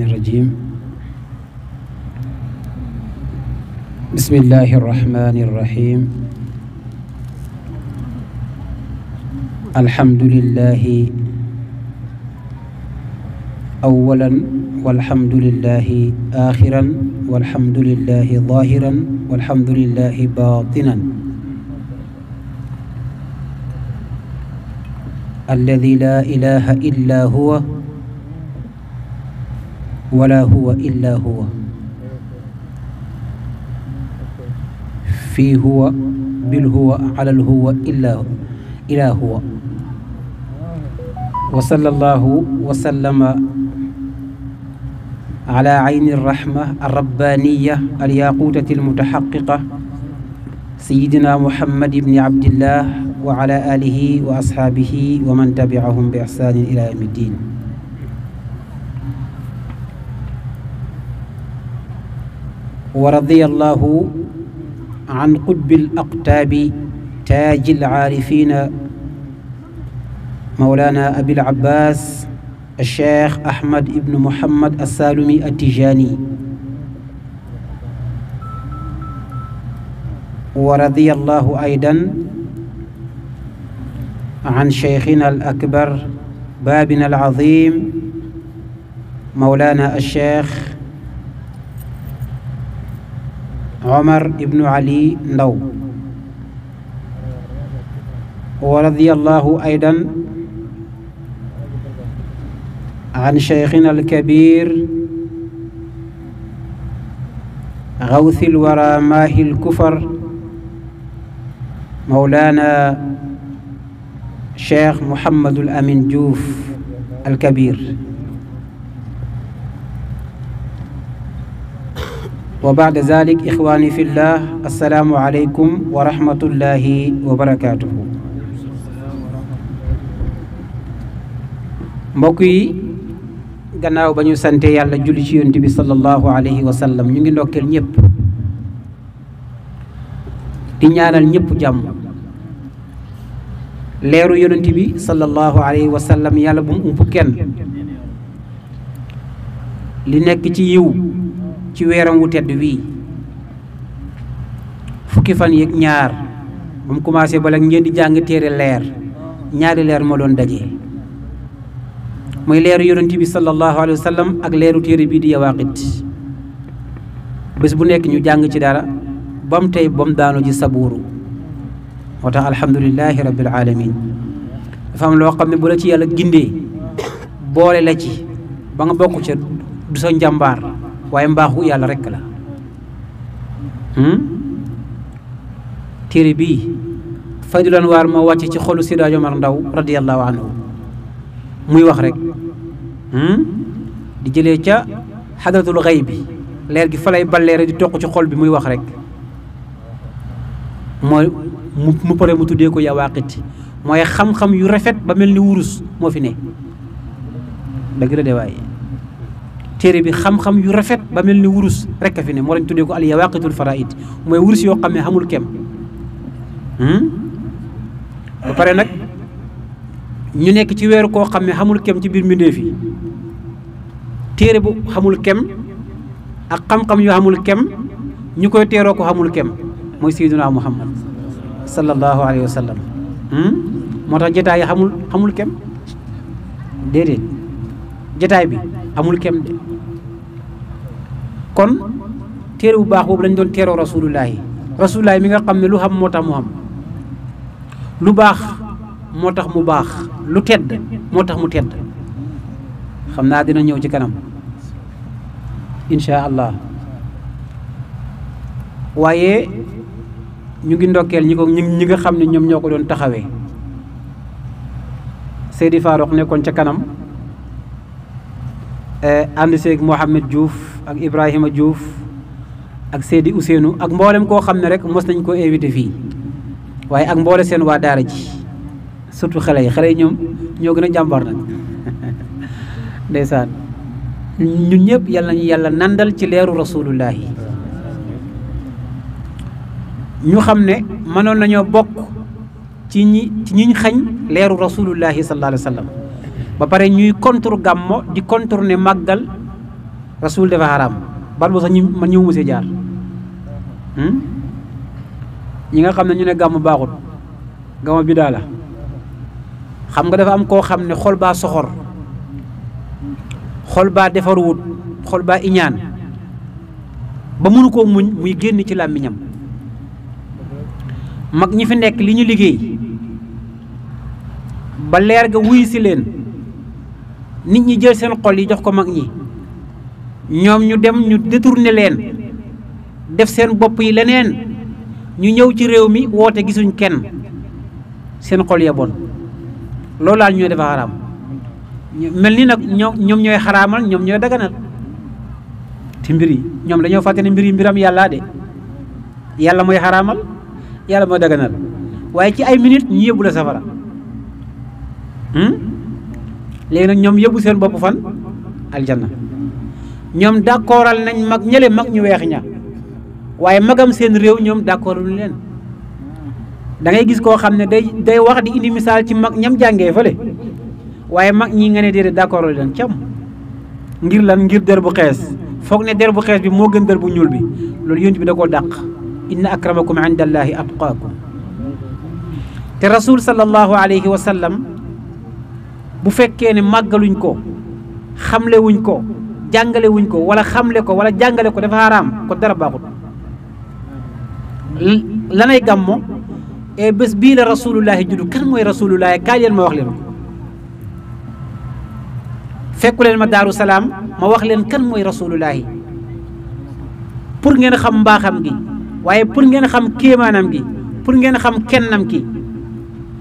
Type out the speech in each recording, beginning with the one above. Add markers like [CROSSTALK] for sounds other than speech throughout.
الرحمن الرجيم بسم الله الرحمن الرحيم الحمد لله أولا والحمد لله آخرا والحمد لله ظاهرا والحمد لله باطنا الذي لا إله إلا هو ولا هو إلا هو في هو بالهو على الهو إلا هو إلى هو وصلى الله وسلم على عين الرحمة الربانية الياقوتة المتحققة سيدنا محمد بن عبد الله وعلى آله وأصحابه ومن تبعهم بإحسان إلى يوم الدين ورضي الله عن قطب الأقطاب تاج العارفين مولانا أبي العباس الشيخ أحمد ابن محمد السالمي التجاني ورضي الله أيضا عن شيخنا الأكبر بابنا العظيم مولانا الشيخ عمر بن علي نو ورضي الله أيضا عن شيخنا الكبير غوث الورى ماهي الكفر مولانا شيخ محمد الأمين جوف الكبير وبعد ذلك إخواني في الله السلام عليكم ورحمة الله وبركاته mbokk yi gannaaw ba ñu sante yàlla julli ci yonent bi sallallahu alayhi wa sallam ñu ngi ndokkeel ñëpp di ñaanal ñëpp jàmm leeru yonent bi sallallahu alayhi wa sallam yàlla bu mu ump kenn li nekk ci yiw ci wéram wu tedd wi fukki fan yek ñaar bu mu commencé ak ngeen di jang téré lèr ñaari lèr mo doon dajé moy lèr yoonte bi sallallahu alaihi wasallam ak lèru téré bi di yawaaqit bés bu nek ñu jang ci dara bam tay bam daanu ji saburu rabbil alamin fam lo xamni bu la ci yalla gindé boole la ci ba nga bokku ci du sa njambar waaye mbaaxu yàlla rekk la hmm? téere bii Faydul Anwaar moo wàcc ci xolu Seydi Hadji Omar Ndaw radiyallahu anhu muy wax rek hmm? di jële ca xadratul xay bi leer gi fa lay balleere di toq ci xol bi muy wax rek mooy mu pare mu tuddee ko yaa waaqiti mooy xam-xam yu rafet ba mel ni wurus moo fi ne dëgg la téere bi xam-xam yu rafet ba mel ni wurus rek a fi ne moo lañ tuddee ko al yawaqitul faraid mooy wurus yoo xam ne xamul kem ba pare nag ñu nekk ci weeru koo xam ne xamul kem ci biir mbindéef yi téere bu xamul kem ak xam-xam yu xamul kem ñu koy teeroo ko xamul kem mooy sayyiduna muhammad sallallahu alayhi wa sallam moo tax jotaay yi xamul xamul kem déedéet jataay bi amul kem de kon téere bu baax boobu dañ doon teeroo rasulullahi rasulullahi mi nga xam ne lu xam moo tax mu xam lu baax moo tax mu baax lu tedd moo tax mu tedd xam naa dina ñëw ci kanam incha allah waaye ñu ngi ndokkeel ñi ko ñi nga xam ne ñoom ñoo ko doon taxawee Seydi Farouk nekkoon ca kanam ànd seeg Mouhamed Diouf ak Ibrahima Diouf ak Seydi Ousseynou ak mboolem koo xam ne rek mos nañ koo invité fii waaye ak mboole seen waa daara ji surtout xale yi xale yi ñoom ñoo gën a jàmbar nag ndeysaan ñun ñëpp yàlla nañu yàlla nandal ci leeru rasulullah yi ñu xam ne mënoon nañoo bokk ci ñi ci ñiñ xañ leeru rasulullah sallallahu alayhi wa sallam ba pare ñuy contour gammo di contourner magal rasul de haram ban boo sax ñu man ñu mësé jaar hmm? ñi nga xam ne ñu ne gàmmu baaxut gàmmu bi daala xam nga dafa am ko xam xol ba soxor xol defar wut xol ba iñaan ba mënu ko muñ muy génn ci lamiñam mag ñi fi nekk li ñu liggéey ba leer ga wuy si leen nit ñi jël seen xol yi jox ko mag ñi ñoom ñu dem ñu détourné leen def seen bopp yi leneen ñu ñëw ci réew mi woote gisuñ kenn seen xol ya bon loolu laal ñooy dafa xaraam mel ni nag ñoom ñooy xaraamal ñoom ñooy daganal te mbir yi ñoom dañoo fàtte ne mbir mbiram yàllaa de yàlla mooy xaraamal yàlla mooy daganal waaye ci ay minute ñu yóbbu la safara hmm? léegi nag ñoom yóbbu seen bopp fan aljanna ñoom d'accordal nañ mag ñële mag ñu weex ña waaye magam seen réew ñoom d'accordul leen da ngay gis koo xam ne day day wax di indi misaal ci mag ñam jàngee fële waaye mag ñi nga ne déedéet d'accordul leen cam ngir lan ngir der bu xees foog ne der bu xees bi moo gën der bu ñuul bi loolu yonent bi da koo dàq inna akramakum inda allahi atqaakum te rasul sallallahu alayhi wa sallam bu fekkee ne màggaluñ ko xamlewuñ ko jàngalewuñ ko wala xamle ko wala jàngale ko dafa xaraam ko dara baaxut lanay gàmmo e bés bii la rasulullahi juddu kan mooy rasulullahi kaay leen ma wax leen ko fekku leen ma daaru salaam ma wax leen kan mooy rasulullahi pour ngeen xam mbaaxam gi waaye pour ngeen xam kéemaanam gi pour ngeen xam kennam ki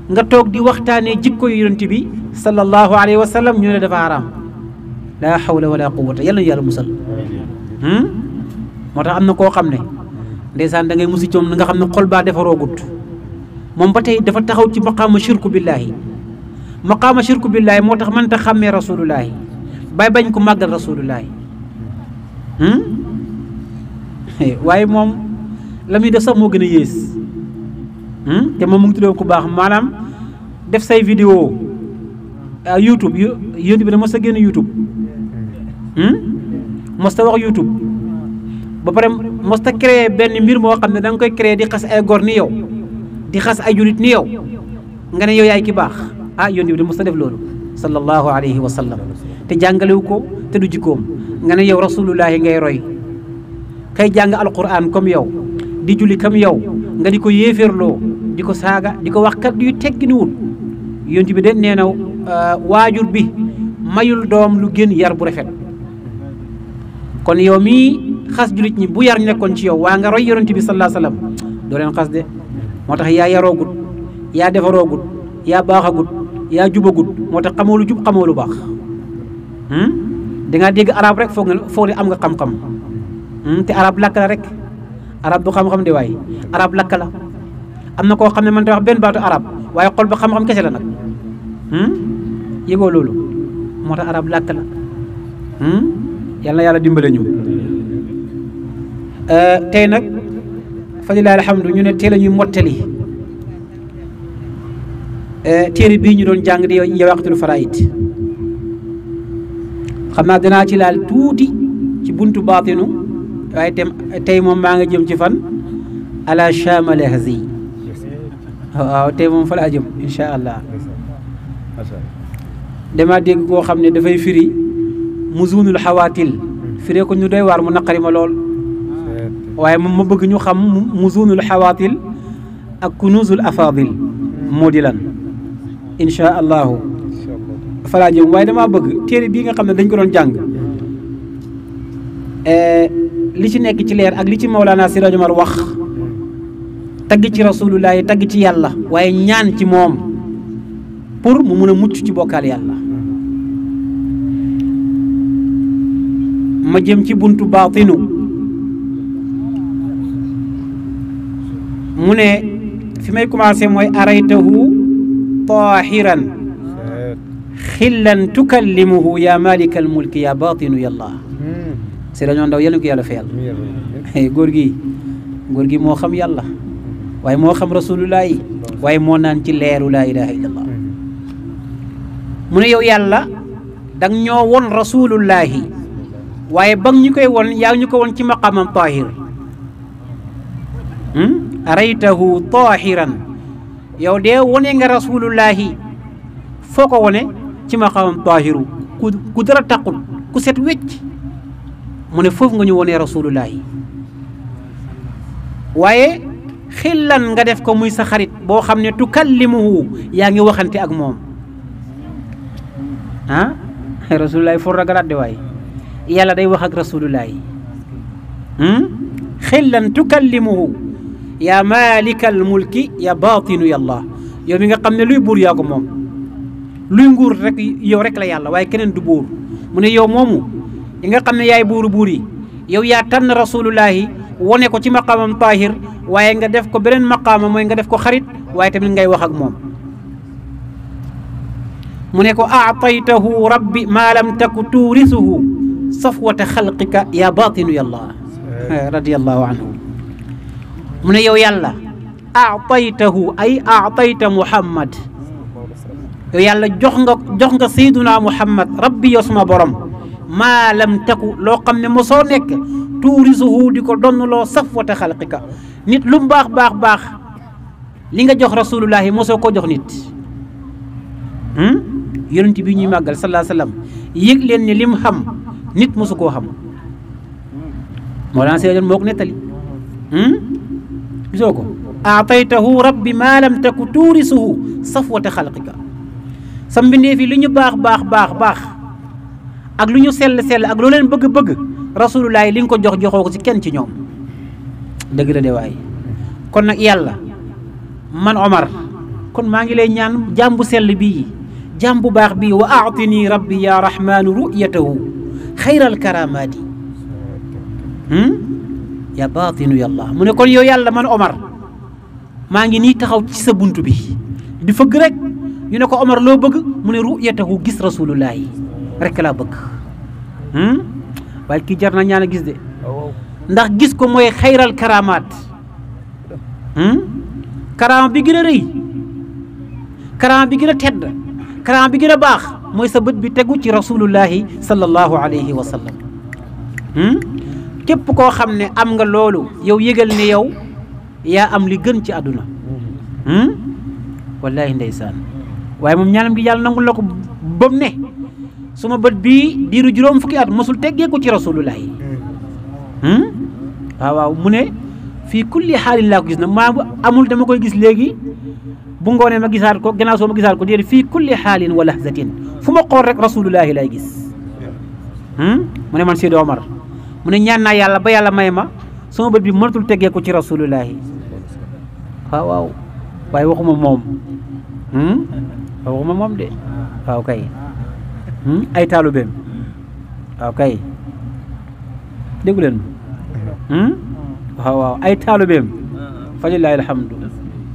nga toog di waxtaanee jikko yu yonent bi صلى الله عليه وسلم ني ne dafa لا حول ولا قوه يلا yàlla yàlla هم موتا امنا كو خامني ديسان دا ngay musi nga xamne ne xol baa defaroo gut mom batay dafa taxaw ci maqaama shirku billahi maqaama shirku billahi motax man ta xamé rasulullah bay bañ ko magal rasulullah hmm waye mom lamuy def sax mo gëna yees hmm te mom mu ngi tudé ko baax manam def say vidéo Ah, YouTube yonent bi da mos a génn YouTube hmm? mos ta wax YouTube ba pare mos ta créé benn mbir moo xam ne danga koy créé di xas ay góor ni yow di xas ay julit ni yow nga ne yow yaay kibaax baax ah yonent da mos ta def loolu sallallahu alayhi wa te jàngalewu ko te du jikkoom nga ne yow rasulullahi ngay roy kay jàng alquran comme yow di julli comme yow nga di ko yéeféerloo di ko saaga di ko wax kat yu tegginiwul yonent bi de nee Eh, waajur bi mayul dom lu gën yar bu rafet kon yow mi khas julit ni bu yar nekkon ci yow wa nga roy yaronte bi sallallahu alaihi wasallam do len khas de motax ya yarogut ya defarogut ya baxagut ya jubagut motax xamolu jub xamolu bax hmm lu nga deg arab rek fo fo am nga xam-xam hmm? te arab lakala rek arab du xam-xam de way arab lakala. amna ko xamne man wax arab waye xol ba xam-xam kese nak hmm yebo lolu moo arab lak la hmm yalla yàlla dimbale ñu euh tey nag fadilaa alhamdu ñu ne té lañuy motali euh téré bi ñu doon jàng di ya waqtul faraid xamna dina ci lal tuti ci buntu batinu way tem tay mom ma nga jëm ci fan ala chama lahzi waaw tey moom fa laa jëm شاء الله dama deg koo xamne da fay firi muzunul hawatil xawaatil ko ñu doy war mu naqarima lol waye waaye ma bëgg ñu xam muzunul hawatil ak kunuzul afadil modilan insha allah fala jëm waye dama bëgg téré bi nga xamne dañ ko doon jàng euh li ci nekk ci leer ak li ci Mawlana Siraaj Umar wax tagg ci rasulullah tagg ci yàlla waye ñaan ci mom pour mu meuna a mucc ci bokal yàlla ma jëm ci buntu batinu mune fi may commencé moy araytahu tahiran khillan tukallimuhu ya malik al mulk ya batinu ya allah c'est la dañoo daw yàlla ko yàlla fayal gor gi gor gi mo xam yàlla waye mo xam rasulullah waye mo nan ci leeru la ilaha illallah mu ne yow yàlla dang ñoo won rasulullahi waaye ba ñu koy won yaa ñu ko won ci maqaamam taahir hmm? araytahu taahiran yow dee wone nga rasulullahi foo ko wone ci maqaamam taahiru ku ku dara taqul ku set wecc mu ne foofu nga ñu wonee rasulullahi waaye xillan nga def ko muy sa xarit boo xam ne tukallimuhu yaa ngi waxante ak moom ها رسول الله فور رغرات دي واي يالا داي واخ رسول الله هم خلن تكلمه يا مالك الملك يا باطن يا الله يا ميغا خامني لوي بور ياكو موم لوي نغور رك يو رك لا يالا واي كنن دو بور من يو مومو ييغا خامني ياي بور بوري يو يا تن رسول الله وني كو سي مقام طاهر waye nga def ko benen maqama moy nga def ko xarit waye tamit ngay wax ak mom mu ne ko aataytahu rabbi maa lam taku tuurisuhu safwata xalqika yaa batinu yàlla radiallahu anhu mu ne yow yàlla aataytahu ay aatayta muhammad yow yàlla jox nga jox nga sayduna muhammad rabbi yow suma borom maa lam taku loo xam ne mosoo nekk tuurisuhu di ko donnloo safwata xalqika nit lu mu baax baax baax li nga jox rasulullahi mosoo ko jox nit yonenti bi ñuy Sallallahu alayhi wasallam. yeg leen ne lim xam nit musu ko xam Mawlana Seydou mok ko nettali hmm? gisoo ko aataytahu rabbi ma lam taku safwat khalqika sam binde fi luñu bax bax bax bax ak luñu sel sel ak lo leen bëgg-bëgg rasulullah li nga ko jox joxoo ci kenn ci ñom deug la de way kon nak yalla man Omar kon ma ngi lay ñaan jambu sel bi Jambu bax bi wa a'tini rabbi ya rahman ru'yatahu khairal karamati hmm ya batinu ya allah mune kon yo yalla man omar ma ngi ni taxaw ci sa buntu bi di feug rek ñu ne ko omar lo bëgg mune ru'yatahu gis rasulullah. rek la bëgg hmm bal ki jarna ñaan gis de ndax gis ko moy khairal karamat hmm karama bi gëna karam bi gëna tedd écran bi gën a baax mooy sa bët bi tegu ci rasulullahi sallallahu alayhi wa sallam hmm? képp koo xam ne am nga loolu yow yëgal ne yow yaa am li gën ci àdduna hmm? wallahi ndeysaan waaye moom ñaanam gi yàlla nangul la ko bam ne suma bët bii diiru juróom fukki at mosul tegeeku ci rasulullahi hmm? waaw waaw mu ne fii kulli xaalin laa ko gis nag maa amul dama koy gis léegi bu ngoonee ma gisaat ko gannaaw soo ma gisaat ko déedéet fii kulli xaalin wa lahzatin fu ma xool rek rasulullahi lay gis mu ne man Sidi Omar mu ne ñaan naa yàlla ba yàlla may ma sama bët bi mënatul tegee ko ci rasulullahi waaw waaw waaye waxuma moom waxuma moom de waaw kay ay taalubeem waaw kay déggu leen ma waaw waaw ay taalibeem falilahi alhamdu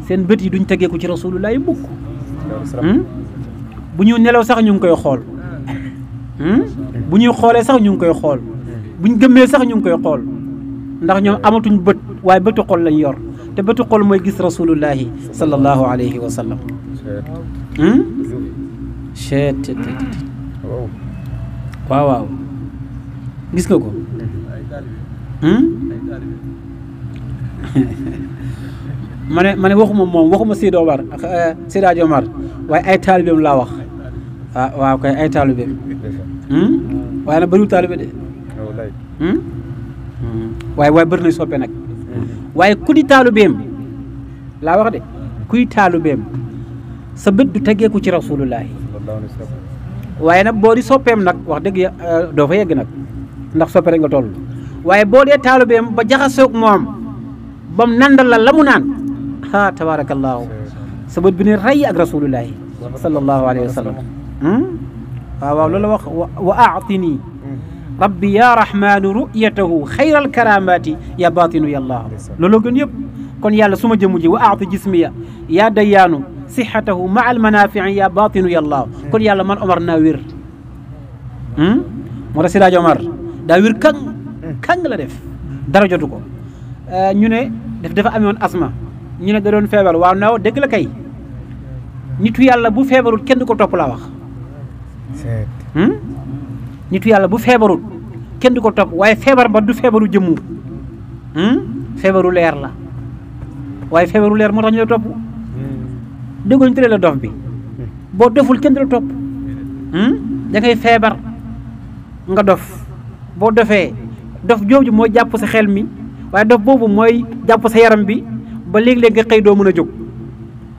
seen bët yi duñ tegeeku ci rasulullahi mukk bu ñu nelaw sax ñu ngi koy xool bu ñuy xoolee sax ñu ngi koy xool bu ñu gëmmee sax ñu ngi koy xool ndax ñoom amatuñ bët waaye bëtu xol lañ yor te bëtu xol mooy gis rasulullahi sallallahu alayhi wa sallam cheet waaw waaw gis nga ko [LAUGHS] ma ne ma ne waxuma moom waxuma Seydi Omar ak eh, Seydi Hadji waaye ay taalibeem laa wax ah waaw kay ay taalibeem hmm? waaye nag bëriwul taalibe de hmm? waaye waaye bëri nañ nag waaye ku di taalibeem wax de kuy taalibeem sa bët du teggeeku ci rasulullahi waaye nag boo di soppeem nag wax dëgg eh, doo fa yegg nag ndax soppe rek nga toll waaye boo dee taalibeem ba jaxasoog moom ba mu nandal la la mu naan ha tabaarakallaahu sabab bi ne rey ak rasulullahi sallallahu alayhi wa sallam waaw waaw loolu wax wa aatini rabbi ya rahmaanu ru'yatahu xayral karaamaati ya baatinu ya allah looloo gën yëpp kon yàlla su ma jëmu ji wa aati jismiya ya dayaanu sixatahu maa almanaafici ya baatinu ya allah kon yàlla man omar naa wér moo tax si daaj omar daa wér kang kang la def dara jotu ko ñu ne daf dafa amoon asma ñu ne da doon feebar waaw naaw dëgg la kay nitu yàlla bu feebarul kenn du ko topp laa wax. Hmm? nitu yàlla bu feebarul kenn du ko topp waaye feebar ba du feebaru jëmmu hmm? feebaru leer la waaye feebaru leer moo tax ñu la topp hmm. dëggoo ñu tëddee dof bi boo doful kenn du la topp da feebar nga dof boo dofee dof jooju moo jàpp sa xel mi. waaye dof boobu mooy jàpp sa yaram bi ba léeg-léeg nga xëy doo mën a jóg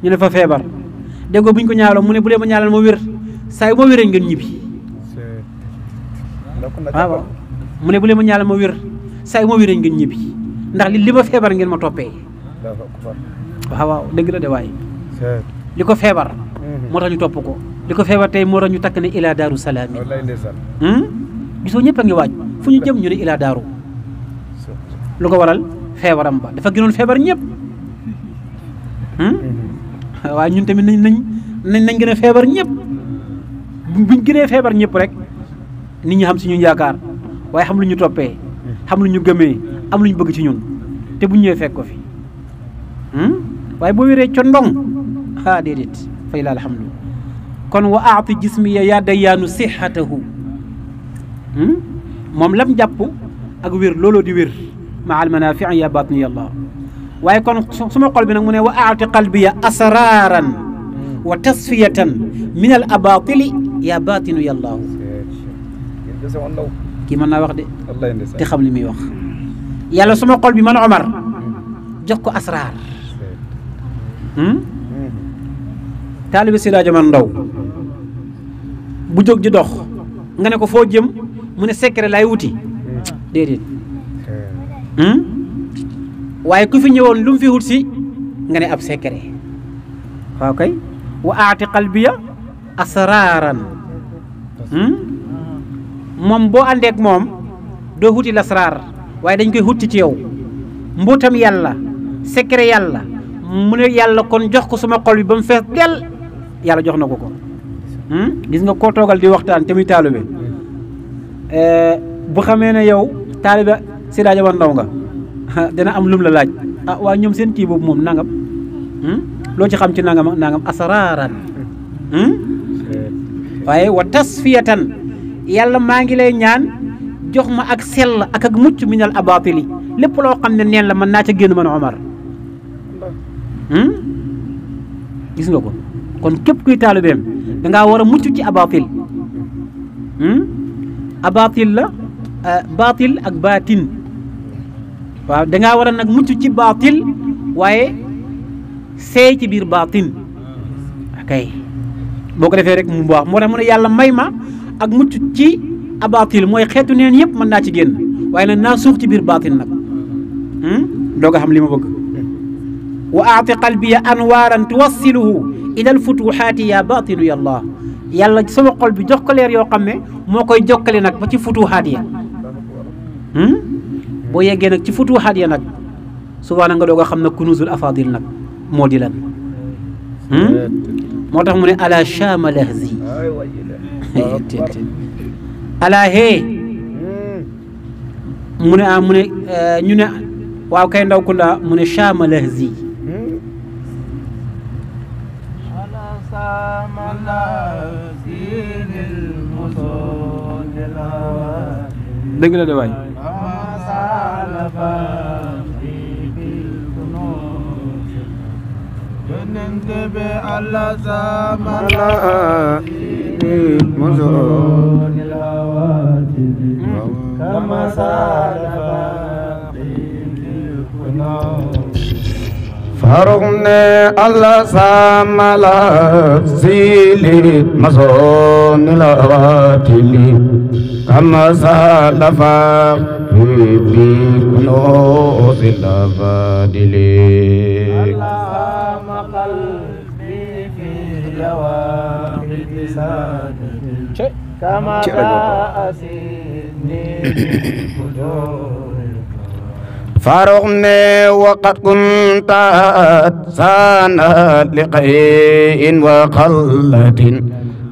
ñu ne fa feebar déggoo bu ñu ko ñaaroo mu ne bu dee ma ñaareel ma wér saa yu ma wéree ngeen ñibbi waaw mu ma ñaareel ma wér saa yu ma wéree ngeen ñibbi ndax li li ma feebar ngeen ma toppee waaw waaw dëgg la de waaye li ko feebar mhm. moo tax ñu topp ko li ko feebar tey moo tax ñu takk ne ilaa daaru salaam yi hmm? gisoo ñëpp a ngi waaj fu ñu jëm ñu ne ilaa daaru lu ko waral feebaram ba dafa gënoon feebar ñëpp hmm? mm-hmm. waa ñun tamit nañ nañ nañ nañ gën a feebar ñëpp buñ gënee feebar ñëpp rek ni ñu xam si ñun yaakaar waaye xam lu ñu toppee xam lu ñu gëmee am lu ñu bëgg ci ñun te bu ñëwee fekk ko fi hmm? waaye boo wéree co ndong ah déedéet fay la alhamdu kon wa aati jismiya yaa dayaanu sixatahu hmm? moom lam jàpp ak wér looloo di wér مع المنافع يا باطني الله waaye kon suma xol bi nag mu ne wa aati qalbiya asraaran wa tasfiyatan min al abatili ya batinu yàllaahu kii mën naa wax de te xam li muy wax yàlla suma xol bi man omar jox ko asraar taalibe si laajo man ndaw bu jóg di dox nga ne ko foo jëm mu ne secret lay wuti déedéet Hmm? waaye ku fi ñëwoon lu fi wut si nga ne ab secret waaw kay wa aati qalbiya asraaran hmm? moom boo àndeek moom doo wuti lasraar waaye dañ koy wuti ci yow mbuutam yàlla secret yàlla mu ne yàlla kon jox ko suma xol bi ba fees del yàlla jox na ko ko hmm? gis nga koo toogal di waxtaan tamit muy taalibe eh, bu xamee ne yow taalibe Sida Jabar ndaw nga dina am lum la laaj ah waa ñoom seen kii boobu moom nangam hmm? loo ci xam ci nangam ak nangam asaraaran hmm? waaye wa tasfiyatan yàlla maa ngi lay ñaan jox ma ak sell ak ak mucc minal abaatili lépp loo xam ne nen la mën naa ca génn mën Omar hmm? gis nga ko kon képp kuy taalibeem dangaa war a mucc ci abatil abatil la eh, batil ak baatin waaw dangaa war a nag mucc ci baatil waaye seey ci biir baatin akay boo ko defee rek mu baax moo tax mu yàlla may ma ak mucc ci abaatil mooy xeetu neen yëpp mën naa ci génn waaye nag naa suux ci biir baatin nag hmm? doog a xam li ma bëgg wa aati qalbiya anwaaran tuwassiluhu ila alfutuhaati ya baatinu yàlla yàlla sama xol bi jox ko leer yoo xam ne moo koy jokkale nag ba ci futuhaat ya hmm? bo yegge nak ci futuuxaat ya nak souvent nga doog a xam ne afadil nak modi lan hmm motax mune ala shama lahzi ala he mu ne ah mu ne ñu ne waaw kay ndaw kunda mu ne chama lahzi dëgg la de waay faaxi bil kunuut yonent bi allah sama la di musoon il hawaatib kama saala faaxi bil kunuut farux ne allah sama la di musoon il hawaatib kama saala faaxi يبين نوص الأفادل علام قلبي في لواح اللسان كما تأسدني فارغني وقد كنت سانا لقيء وقلة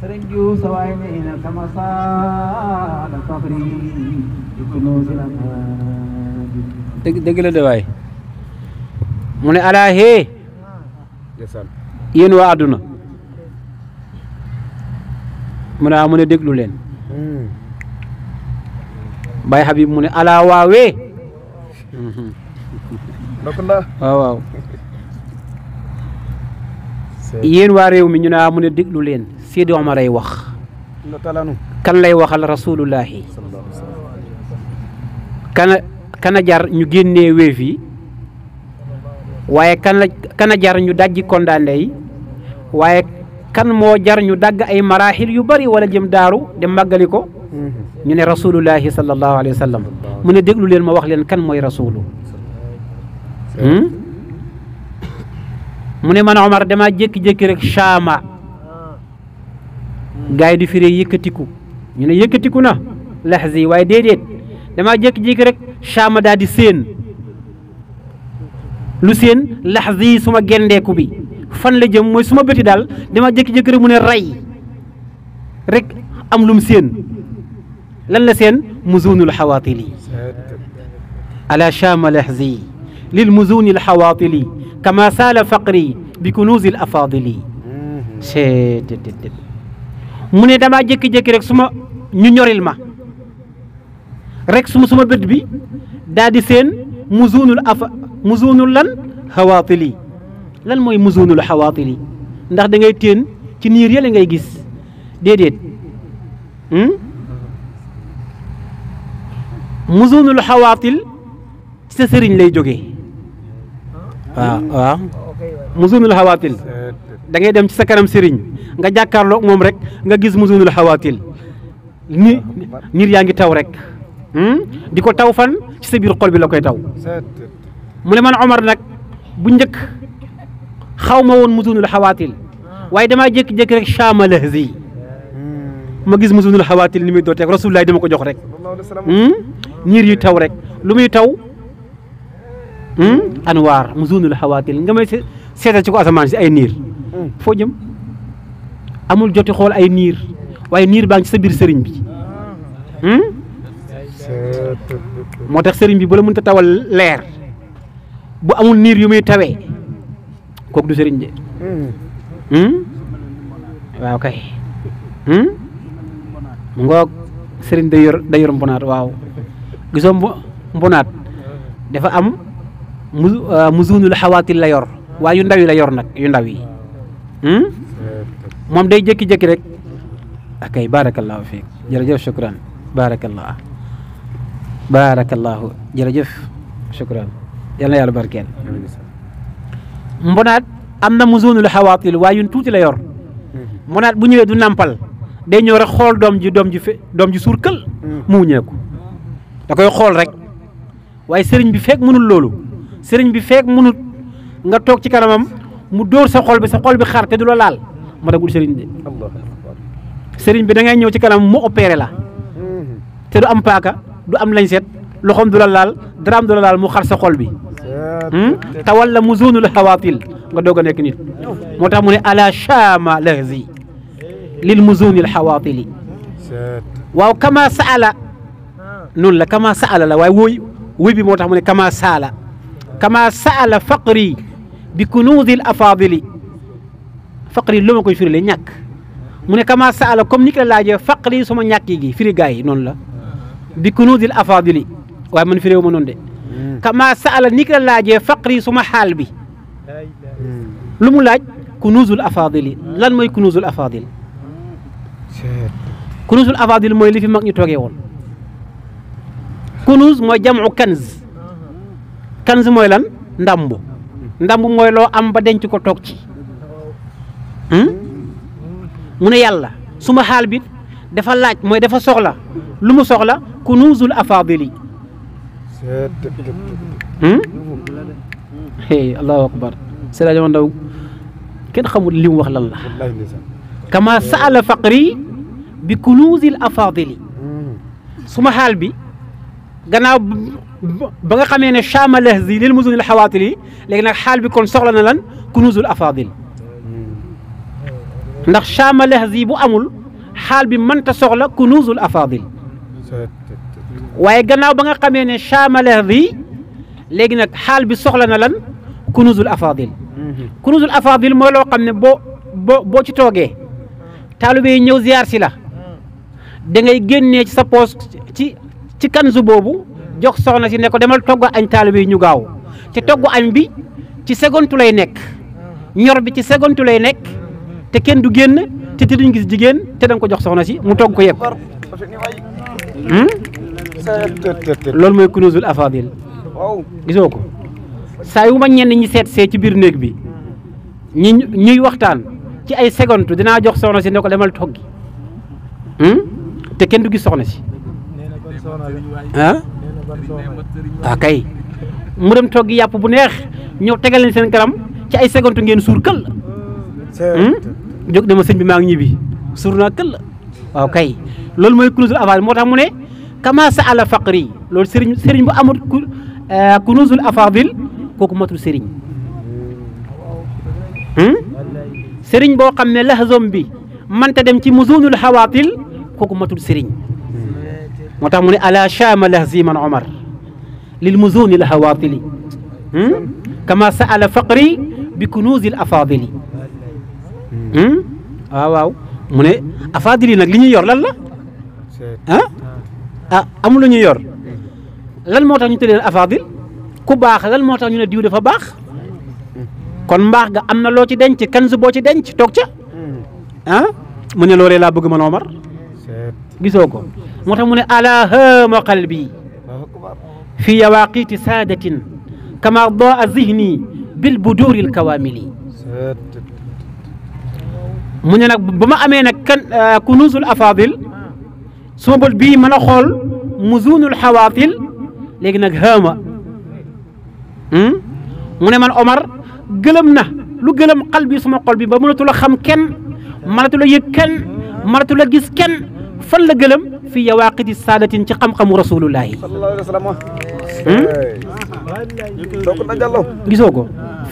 sëriñ Diouf sa mu ne alaa hee yéen waa àdduna mu ne mu ne déglu leen Baye Habib mu ne alaa waawee [LAUGHS] [LAUGHS] yéen waa réew mi ñu ne mu ne déglu leen Sidi Omar ay wax kan lay waxal rasulullahi kana kana jar ñu génnee wéef yi waaye kan la kana jar ñu dajji kondaande waaye kan moo jar ñu dagg ay maraaxil yu bari wala jëm daaru dem màggali ko mm-hmm. ñu ne rasulullahi sallallahu alayhi wa sallam mu ne déglu leen ma wax leen kan mooy rasulu hmm? mu ne man Omar dama jékki-jékki rek caama gars yi di firee yëkkatiku ñu ne yëkëtiku na lahzi way dédét dama jëk jik rek chama daal di séen lu séen lahzi suma gendé ku bi fan la jëm moy suma bëti daal dama jëk jekki rek mu ne ray rek am lu séen lan la seen muzunul hawatili ala chama lax yi lil muzuunil xawaatili kama saala faqri bi kunuuzil afaadili mu ne damaa jékki-jékki rek suma ñu ñoril ma rek su ma suma bët bi daal di seen mu zuunul afa mu zuunul lan xawaatili lan mooy mu zuunul xawaatili ndax dangay téen ci niir yële ngay gis déedéet hmm? mu zuunul xawaatil ci sa sëriñ lay jógee waaw waaw ah, mu zuunul xawaatil da ngay dem ci sa kanam sëriñ nga jàkkaarloog moom rek nga gis musunul xawaatil ni niir yaa ngi taw rek hmm? di ko taw fan ci sa biir xol bi la koy taw mu ne man Omar nag bu njëkk xaw ma woon musunul xawaatil waaye damaa jékki-jékki rek chama si ma gis musunul xawaatil ni muy dooteeg rasulullah dama ko jox rek hmm? niir yi taw rek lu muy taw hmm? anwaar musunul xawaatil nga may seetal ci ko asamaan si ay niir foo jëm amul joti xool ay niir waaye niir baa ngi ci sa biir sëriñ bi hmm? moo tax sëriñ bi bala la mënta tawal leer bu amul niir yu muy tawee kooku du sëriñ de hmm? waaw kay hmm? mu ngoog sëriñ day yor day waaw gisoo mbonaat dafa am mu euh, mu zuunul xawaatil la yor waaye yu ndaw la yor nag yu ndaw yi Hmm? moom day jékki-jékki rek akay baarakallaahu fiik jërëjëf shukran baarakallah baarakallaahu jërëjëf shukran yal na yàlla barkeel mbonaat am na musunul xawaatil waaye yu tuuti la yor mbonaat bu ñëwee du nàmpal day ñëw xool doom ji doom ji fe doom ji suur kël mu ñeeku da koy xool rek waaye sëriñ bi feek mënul loolu sëriñ bi feek mënul nga toog ci kanamam mu dóor sa xol bi sa xol bi xar te du la laal ma dagul sëriñ bi sëriñ bi da ngay ñëw ci kanam mu opéré la te du am paaka du am lañset loxoom du la laal daraam du la laal mu xar sa xol bi tawal la mu zoonul xawaatil nga doog a nekk nit moo tax mu ne ala chama lahzi lil mu zoonil xawaatili waaw kama saala noonu la kama saala la waaye wóoy wóoy bi moo tax mu ne kama saala kama saala faqri بكنوز الافاضل فقري لو مكو فيري نياك موني كما سال كوم نيك لاج فقري سوما نياكي جي فيري غاي نون لا بكنوز الافاضل واي من فيري ومنون دي كما سال نيك لاج فقري سوما حال بي لوم لاج كنوز الافاضل لان موي كنوز الافاضل كنوز الافاضل موي لي في ماك ني توغي وون كنوز موي جمع كنز كنز موي لان ndambo ndamb moy lo am ba denc ko tok ci hmm mune yàlla suma xaal bi dafa laaj moy dafa soxla soxla kunuzul afadili hmm hey allahu akbar sëriñ Aliou Ndaw ken xamul lim wax lan la kama saala faqri bi kunuzil afadili suma xaal bi ganaw ba nga xamé ne chaama lahzi lil muzun xawaatil hawatili légui nak xal bi kon soxla na lan kunuzul afadil ndax chaama lahzi bu amul xal bi ta soxla kunuzul afadil waye gannaaw ba nga xamé ne chaama lahzi légui nak xal bi soxla na lan kunuzul afadil kunuzul afadil mo lo xamné bo bo ci togué taalibe ñëw ziar ci la da ngay génné ci sa poste ci ci kanzu bobu jox soxna ci ne ko demal togg añ taalibe ñu gaaw ci togg añ bi ci seconde lay nekk ñor bi ci seconde lay nekk te kenn du génn te te duñ gis jigéen te danga ko jox soxna ci mu togg ko yëpp hmm? lool moy kunuusul afadil gisoo gisoko sayuma ñen ñi seet see ci bir neeg bi ñi ñuy waxtaan ci ay seconde dina jox soxna ci ne ko demal toggi hmm? te kenn du gis soxna ci ah waaw ah, kay mu dem togg yàpp bu neex ñëw tegal seen karam ci ay segontu ngeen suur këll. Hmm? Hmm? jóg dama sëñ bi maa ngi ñibbi suur naa këll waaw ah, kay loolu mooy kunuzul afaal moo tax mu ne kama sa ala lool loolu sëriñ sëriñ bu amut ku eh, kunuzul afaadil kooku matul sëriñ hmm? sëriñ boo xam ne laxzom bi manta dem ci muzunul xawaatil kooku matul sëriñ متامون على شام لهزيما عمر للمزون الهواطلي كما سأل فقري بكنوز الأفاضلي آه واو من أفاضلي نقلني يور لا لا أه؟ ها آه، أمول نيور لا الموتى نتلي الأفاضل كباخ لا الموتى نديو دفا باخ كون باخ أمنا لو دنتي دنش كان زبو تي ها من أه؟ لوري لا بوغ من عمر غيسوكو متمني على هم قلبي في يواقيت سادة كما ضاء ذهني بالبدور الكوامل من نك بما امي نك آه، كنوز الافاضل صوبل بي من خول مزون الحواطل لك نك هما من من أمر قلمنا لو غلم قلبي سمع قلبي بما لا خم كن ما لا يكن ما لا فلا في يواقد السادة تقام قام رسول الله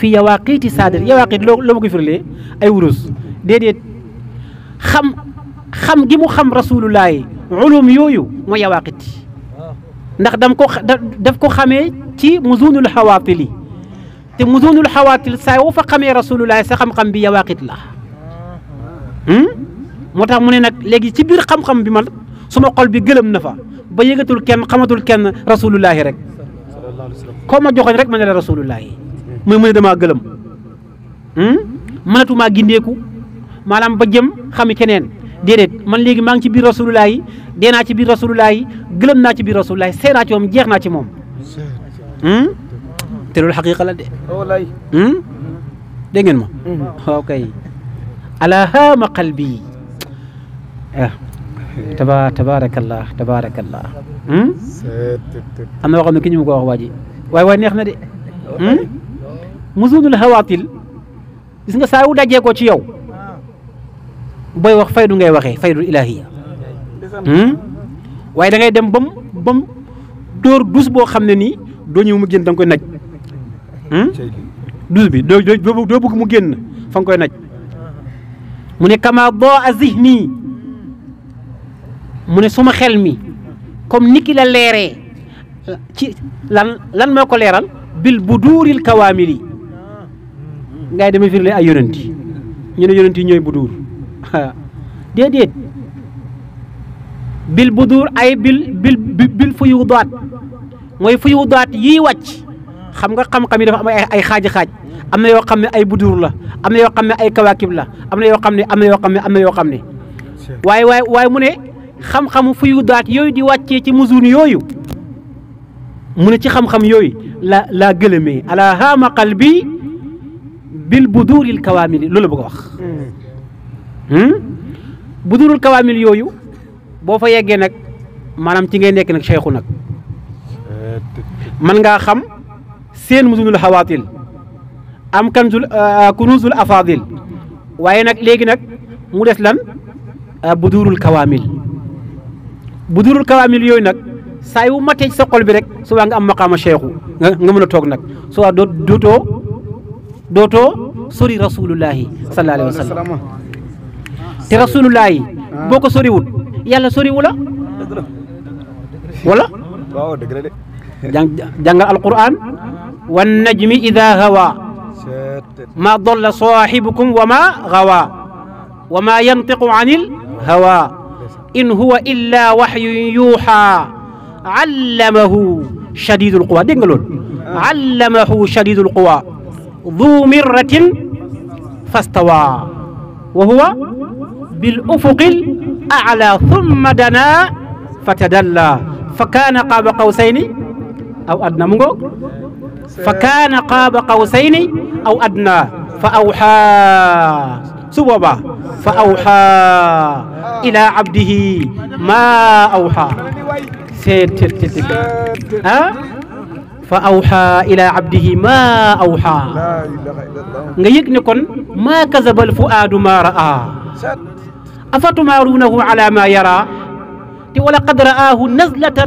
في يواقد السادة يواقد لو لو كيف أي ورس ديد خم خم جمو خم رسول الله علوم يويو ما يواقد نقدم كو دف كو خمي تي مزون الحواطلي تي مزون الحواطلي سايو فخمي رسول الله سخم خم بيواقد الله motax mune nak legi ci bir xam-xam bi man suma xol bi gëlëm nafa ba yëgatul kenn xamatul kenn rasulullah rek koo ma joxoñ rek ma ne la muy mu ne damaa gëlëm mënatumaa gindeeku maanaam ba jëm xami keneen déedéet man léegi maa ci biir rasulullah yi ci biir rasulullah yi gëlëm ci biir rasulullah yi ci moom jeex naa ci moom te loolu xaqiqa la de dégg ngeen ma ok alahaama qalbi تبارك الله تبارك الله هم انا واخا نكي نمكو واخ واجي واي واي نيخنا دي هم مزون الهواتل غيس نغا ساو داجي كو تي يو باي واخ فايدو غاي واخي فايدو الهيه هم واي داغي ديم بام بام دور دوس بو خامني ني دوني مو ген دانكوي ناج mu ne suma xel mi comme niki la leeree ci lan lan moo ko leeral bil bu duuril kawaamil yi ngay dama firle ay yonent yi ñu ne yonent yi bu duur [LAUGHS] déedéet bil bu duur ay bil bil fu fuyu doot mooy fuyu doot yiy wàcc xam nga xam-xam yi dafa am ay xaaj xaaj am na yoo xam ne ay budur la am na yoo xam ne ay kawaakib la am na yoo xam ne am na yoo xam ne am na yoo xam ne waaye waaye waaye mu ne xam-xamu fuyudaat yoy di wacce ci musuun yoy mu ne ci xam-xam yoy la la gëlëmee ala hama qalbi bil buduril kawamil lolu la bëgg wax hmm buduril kawamil yoy bo fa yegge nak manam ci ngay nek nak cheikhu nak man nga xam sen musuunul hawatil am kanzul kunuzul afadil waye nak legi nak mu def lan budurul kawamil bu durul kawaamil yooyu nag saa yu matee sa xol bi rek su waa nga am maqaama cheikhu nga nga mën toog nag su waa doo dootoo dootoo sori rasulullahi te rasulullahi boo ko soriwul yàlla soriwu la wala waaw dëgg najmi ida hawa ma dalla saaxibukum wa ma gawa wa ma yantiqu anil hawa إن هو إلا وحي يوحى علمه شديد القوى دينجلون علمه شديد القوى ذو مرة فاستوى وهو بالأفق الأعلى ثم دنا فتدلى فكان قاب قوسين أو أدنى مغو فكان قاب قوسين أو أدنى فأوحى سببا فأوحى إلى عبده ما أوحى فأوحى إلى عبده ما أوحى نيكن ما كذب الفؤاد ما رأى أفتمارونه على ما يرى ولا ولقد رآه نزلة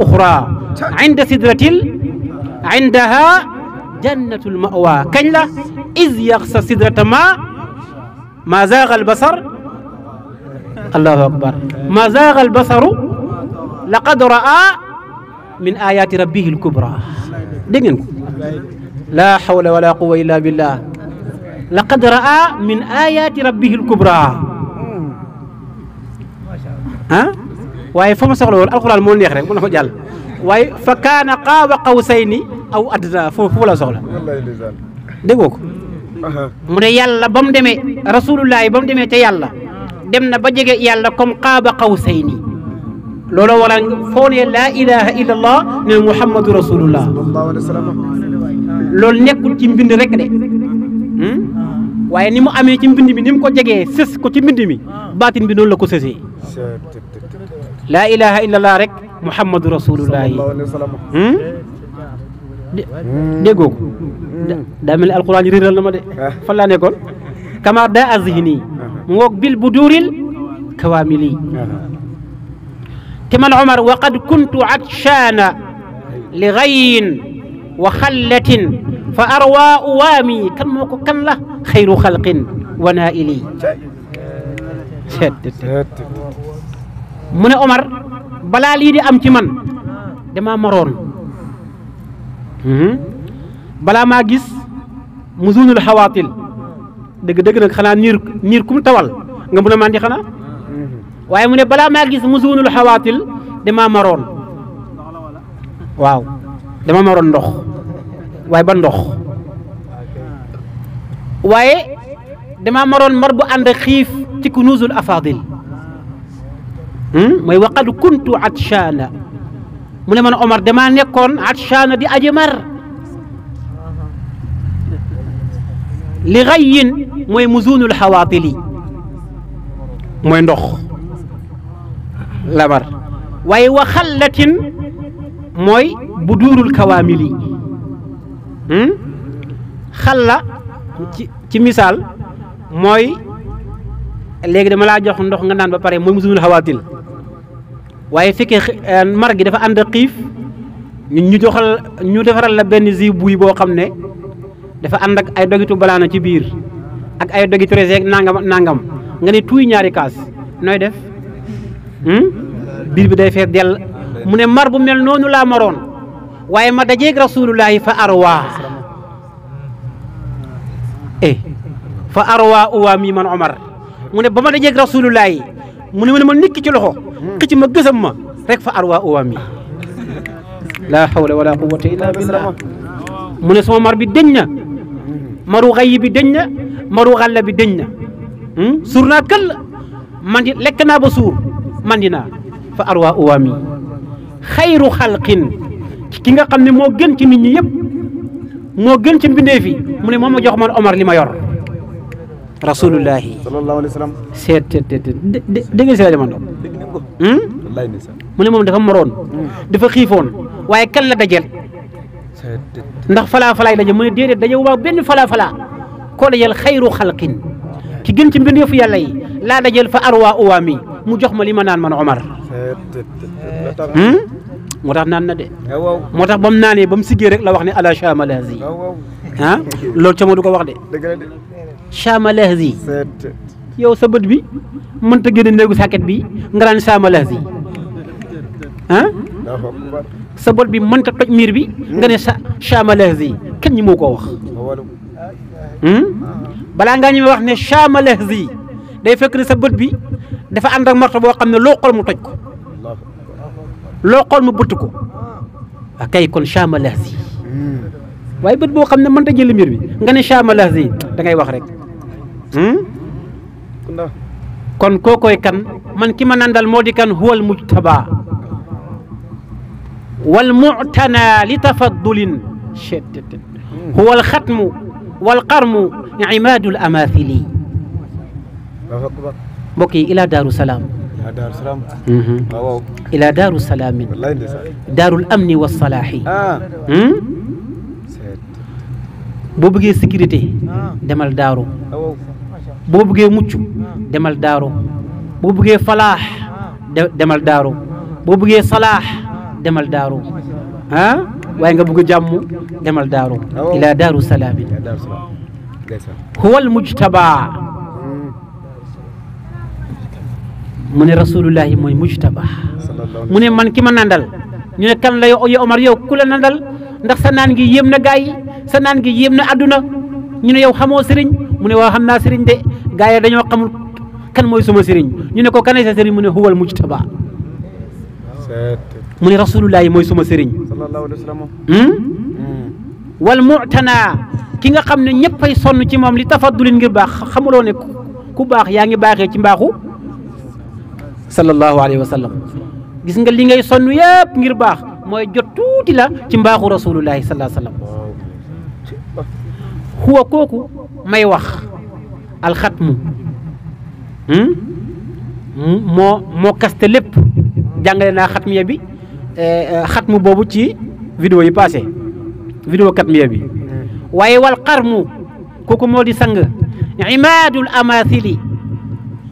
أخرى عند سدرة عندها جنة المأوى كلا إذ يغسى سدرة ما ما زاغ البصر الله أكبر ما زاغ البصر لقد رأى من آيات ربه الكبرى لا حول ولا قوة إلا بالله لقد رأى من آيات ربه الكبرى ها واي فما سغلول القران مول نيخ رك جال واي فكان قاب قوسين او ادنا فوفو لا سغلا دغوك مو يالا بام ديمي رسول الله بام ديمي تا يالا dem na ba jege yàlla comme qaaba qawsayni loolu waral foo ne laa ilaha illallah ne muhammadu rasulullah loolu nekkul ci mbind rek de waaye ni mu amee ci mbind mi ni mu ko jegee sës ko ci mbind mi baatin bi noonu la ko sësee laa ilaha illallah rek muhammadu rasulullah yi déggoo ko daa mel ne alquran riiral na ma de fan laa nekkoon kama daa azhini موق بالبدور الكواملي كما عمر وقد كنت عطشان لغي وخلة فأروى أوامي كم كم له خير خلق ونائلي من عمر بلا لي دي أمتي من دما مرون بلا ما جس مزون الحواطل deug deug nak xana nir nir kum tawal nga mun a mandi xana waye mu ne bala ma gis musuunul xawaatil dama maroon waaw dama maron ndox waye ba ndox waaye dama maron mar bu ànd ak ci kunuzul afadil hmm may waqad kuntu atshana mu ne man Omar dama nekkon atshana di aji mar لغي موي مزون الحواطلي موي ندوخ لبر واي وخلت موي بدور الكواملي هم خلا تي تي مثال موي لغي دما لا جوخ ندوخ nga nan ba pare موي مزون الحواطل waye fekke margi dafa and xif ñu joxal ñu defaral la ben zibuy bo xamne dafa ànd ak ay dogitu balaana ci biir ak ay dogitu reseeg nangam nangam nga ne tuuy ñaari kaas nooy def hmm? biir bi day fees dell mu ne mar bu mel noonu laa maroon waaye ma dajeeg rasulullahi fa arwa e fa arwa uwa mi man omar mu ne ba ma dajeeg rasulullahi mu ne mu ma nikki ci loxo xëcc ma gësam ma rek fa arwa uwa mi la hawla wala quwwata illa billah mu ne sama mar bi deñ maru xay bi dëñ na maru xàlla bi dëñ na hmm? suur naa këll mandi lekk naa ba suur mandi naa fa arwa uwaami xayru xalqin ki nga xam ne moo gën ci nit ñi yëpp moo gën ci mbindee fi mu ne moom ma jox man Omar li ma yor rasulullahi sallallahu alayhi wa sallam seet seet dégg si hmm? la mu ne moom dafa moroon dafa xiifoon waaye kan la dajeel ndax fala fala yi daje dédé dañu déedéet daje fala fala ko la koo khayru khalqin ki gën ci mbindeefu yàlla yi la dajel fa arwa uwami mu jox ma li ma naan man Omar. moo tax nan na de. moo tax ba mu naanee ba rek la wax ni ala chamalazi ha lol ci mo du ko wax de. chamalazi yow sa bëd bi mën ta gënë néegu saket bi ngaran naan chamalazi ah. sa bol bi mënta toj miir bi nga ne chamalahz yi kenn ñi moo koo wax hmm? balaa ngaa ñi wax ne chamalahz yi day fekk ne sa bët bi dafa ànd ak marto boo xam ne loo xool mu toj ko loo xool mu bëtt ko waaw ah, kay kon chamalahz yi waaye bët boo xam ne mënta jëli miir bi nga ne chamalahz yi da wax rek hmm? kon kookooy kan man ki ma nandal moo di kan huwal mujtaba والمعتنى لتفضل شتت هو الختم والقرم عماد الاماثل بكي إلى دار السلام دار السلام إلى دار السلام دار الأمن والصلاح آه. بو بغي سيكوريتي آه. دمال دارو آه، بو بغي mucc دمال دارو بو بغي فلاح دمال دارو بو بغي صلاح demal daaru ah waaye nga bëgg jàmm demal daaru ila daaru salaamin huwal mujtaba mu ne rasulullahi mooy mujtaba mu ne man ki ma nandal ñu ne kan la yow Omar yow ku la nandal ndax sa naan gi yéem na gaay yi sa naan gi yéem na àdduna ñu ne yow xamoo sëriñ mu ne waaw xam naa sëriñ de gaay yi dañoo xamul kan mooy suma sëriñ ñu ne ko kanay sa sëriñ mu ne huwal mujtaba mu ne rasulullahi mooy suma sëriñ hmm? Hmm. wal mu'tana ki nga xam ne ñëppay sonn ci moom li tafaddulin ngir baax xamuloo ne ku baax yaa ngi baaxee ci mbaaxu sallallahu alayhi wa sallam gis nga li ngay sonn yëpp ngir baax mooy jot tuuti la ci mbaaxu rasulullahi sallallahu alayhi wa sallam huwa kooku may wax alxatmu hmm? moo moo kaste lépp jàngale naa xatmiya bi Euh, euh, xatmu boobu ci vidéo yi passé vidéo katmiya bi waaye wal xarmu kooku moo di sang imaadul amaasili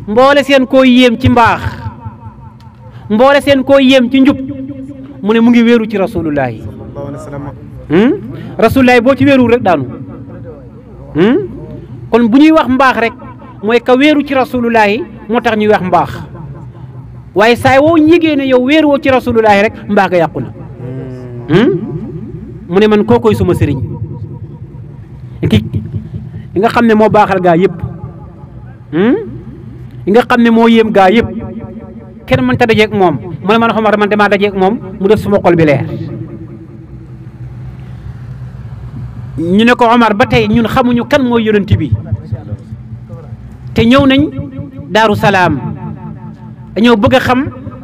mboole seen koo yéem ci mbaax mboole seen koo yéem ci njub mu ne mu ngi wéeru ci rasulullahi hmm? rasulullahi boo ci wéeru rek daanu hmm? kon bu ñuy wax mbaax rek mooy ka wéeru ci rasulullahi moo tax ñuy wax mbaax waaye saay woo ñu yëgee ne yow weer woo ci rasulullahi rek mbaa nga yàqu na hmm? ne man kookoy suma sëriñ nga xam ne moo baaxal gaa yëpp hmm? nga xam ne moo yéem gaa yëpp kenn mën ta dajeeg moom mu ne man xomar man damaa dajeeg moom mu def suma xol bi leer ñu ko Omar ba tey ñun xamuñu kan mooy yonent bi te ñëw nañ daaru salaam dañoo bëgg xam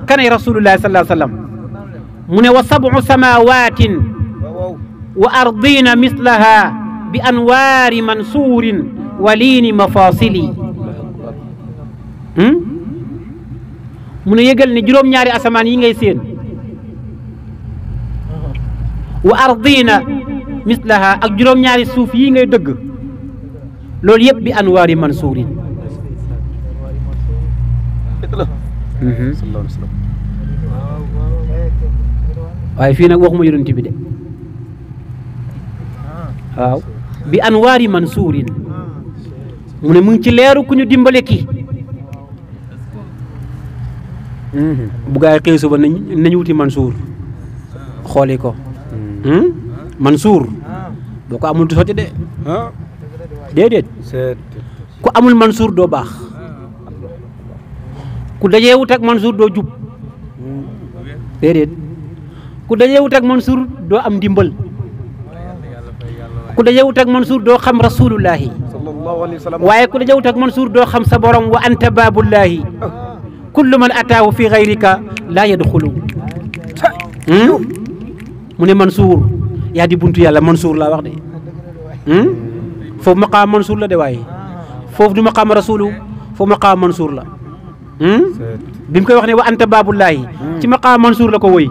kanay rasulullah sallallahu alayhi wasallam sallam wa sab'u samawatin wa ardina mislaha bi anwari mansurin walini mafasili hmm mune ne yëgal ne juróom-ñaari asamaan yi ngay séen wa ardina mislaha ak juróom-ñaari suuf yi ngay dëgg loolu yëpp bi anwaari mansuurin Mm-hmm. waaye fii nag waxuma yonent bi de waaw bi anwaari mansuurin mu ne mu ci leeru ku ñu dimbale ki mm-hmm. bu gaa yi xëy suba nañ nañ wuti Mansour xooli ko hmm? Mansour boo ko amul sotti de déedéet ku amul Mansour doo baax ku dajee wut ak Mansour doo jub déedéet ku dajee wut ak doo am dimbal ku dajee wut ak Mansour doo xam rasulullahi waaye ku dajee wut ak Mansour doo xam sa borom wa anta baabullahi kullu man ataahu fi gayrika laa yadxulu hmm? mu ne Mansour yaa di buntu yàlla Mansour laa wax de hmm? foofu maqaam Mansour la de waaye foofu du maqaam rasulu foofu maqaam Mansour la Hmm? bi koy wax ne wa anta baabullaahi ci maqaam Mansour la ko woy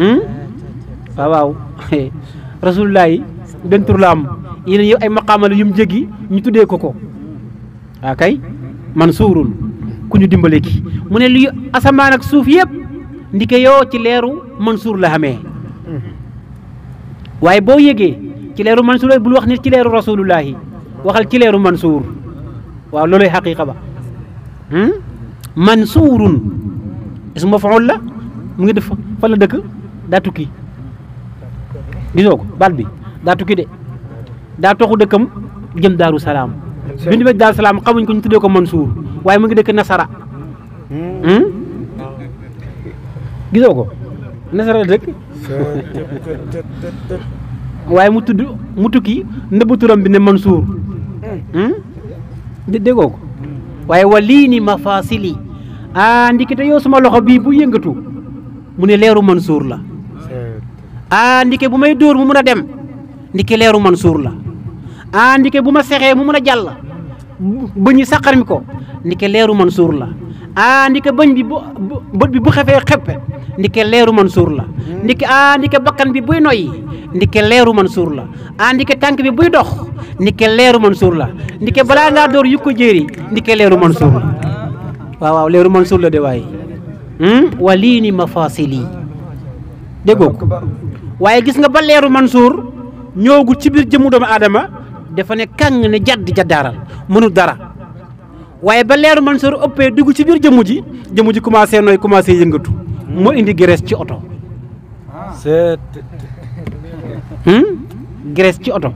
hmm? waaw waaw [LAUGHS] rasulullaahi benn tur la am ay maqaama la yu mu ñu tuddee ko ko waaw kay Mansourun ku ñu dimbale ki mu ne luy asamaan ak suuf yëpp ndike yoo ci leeru Mansour la xamee waaye boo yégee ci leeru Mansour bul wax ne ci leeru rasulullaahi waxal ci leeru Mansour waaw looloy xaqiiqa ba Hmm? mansuurun ismu mafuul la mu ngi def fa la dëkk daa tukki gisoo ko baat bi daa tukki de daa toxu dëkkam jëm daaru salaam bi ñu bëgg xamuñ ko ñu tuddee ko mansuur waaye mu ngi dëkk nasara hmm? Hmm? gisoo ko nasara dëkk waaye mu tudd mu tukki nëbb turam bi ne mansuur ko waaye wa lii ni mafasili ah ndikite yow suma loxo bii bu yëngatu mu ne leeru Mansour la ah ndike bu may dóor mu mun a dem ndike leeru Mansour la ah ndike bu ma sexee mu mun a jàll ba ñu saqar mi ndi ndike leeru Mansour la ah ndike bañ bi bët bi bu xefee xeppe ndike leeru mansour la hmm. ndike a ah, ndike bakkan bi buy noy ndike leeru mansour la a ah, ndike tank bi buy dox ndike leeru mansour la ndike bala nga dor yukko jeri ndike leeru mansour la waaw leeru mansour la de way hmm walini mafasili dego waye gis nga ba leeru mansour ñogu ci bir jëm doom adama dafa ne kang ne jadd jaddaral munu dara waye ba leeru mansour uppe duggu ci bir jëmuji jëmuji commencé noy commencé yëngatu mo indi graisse ci hmm graisse ci auto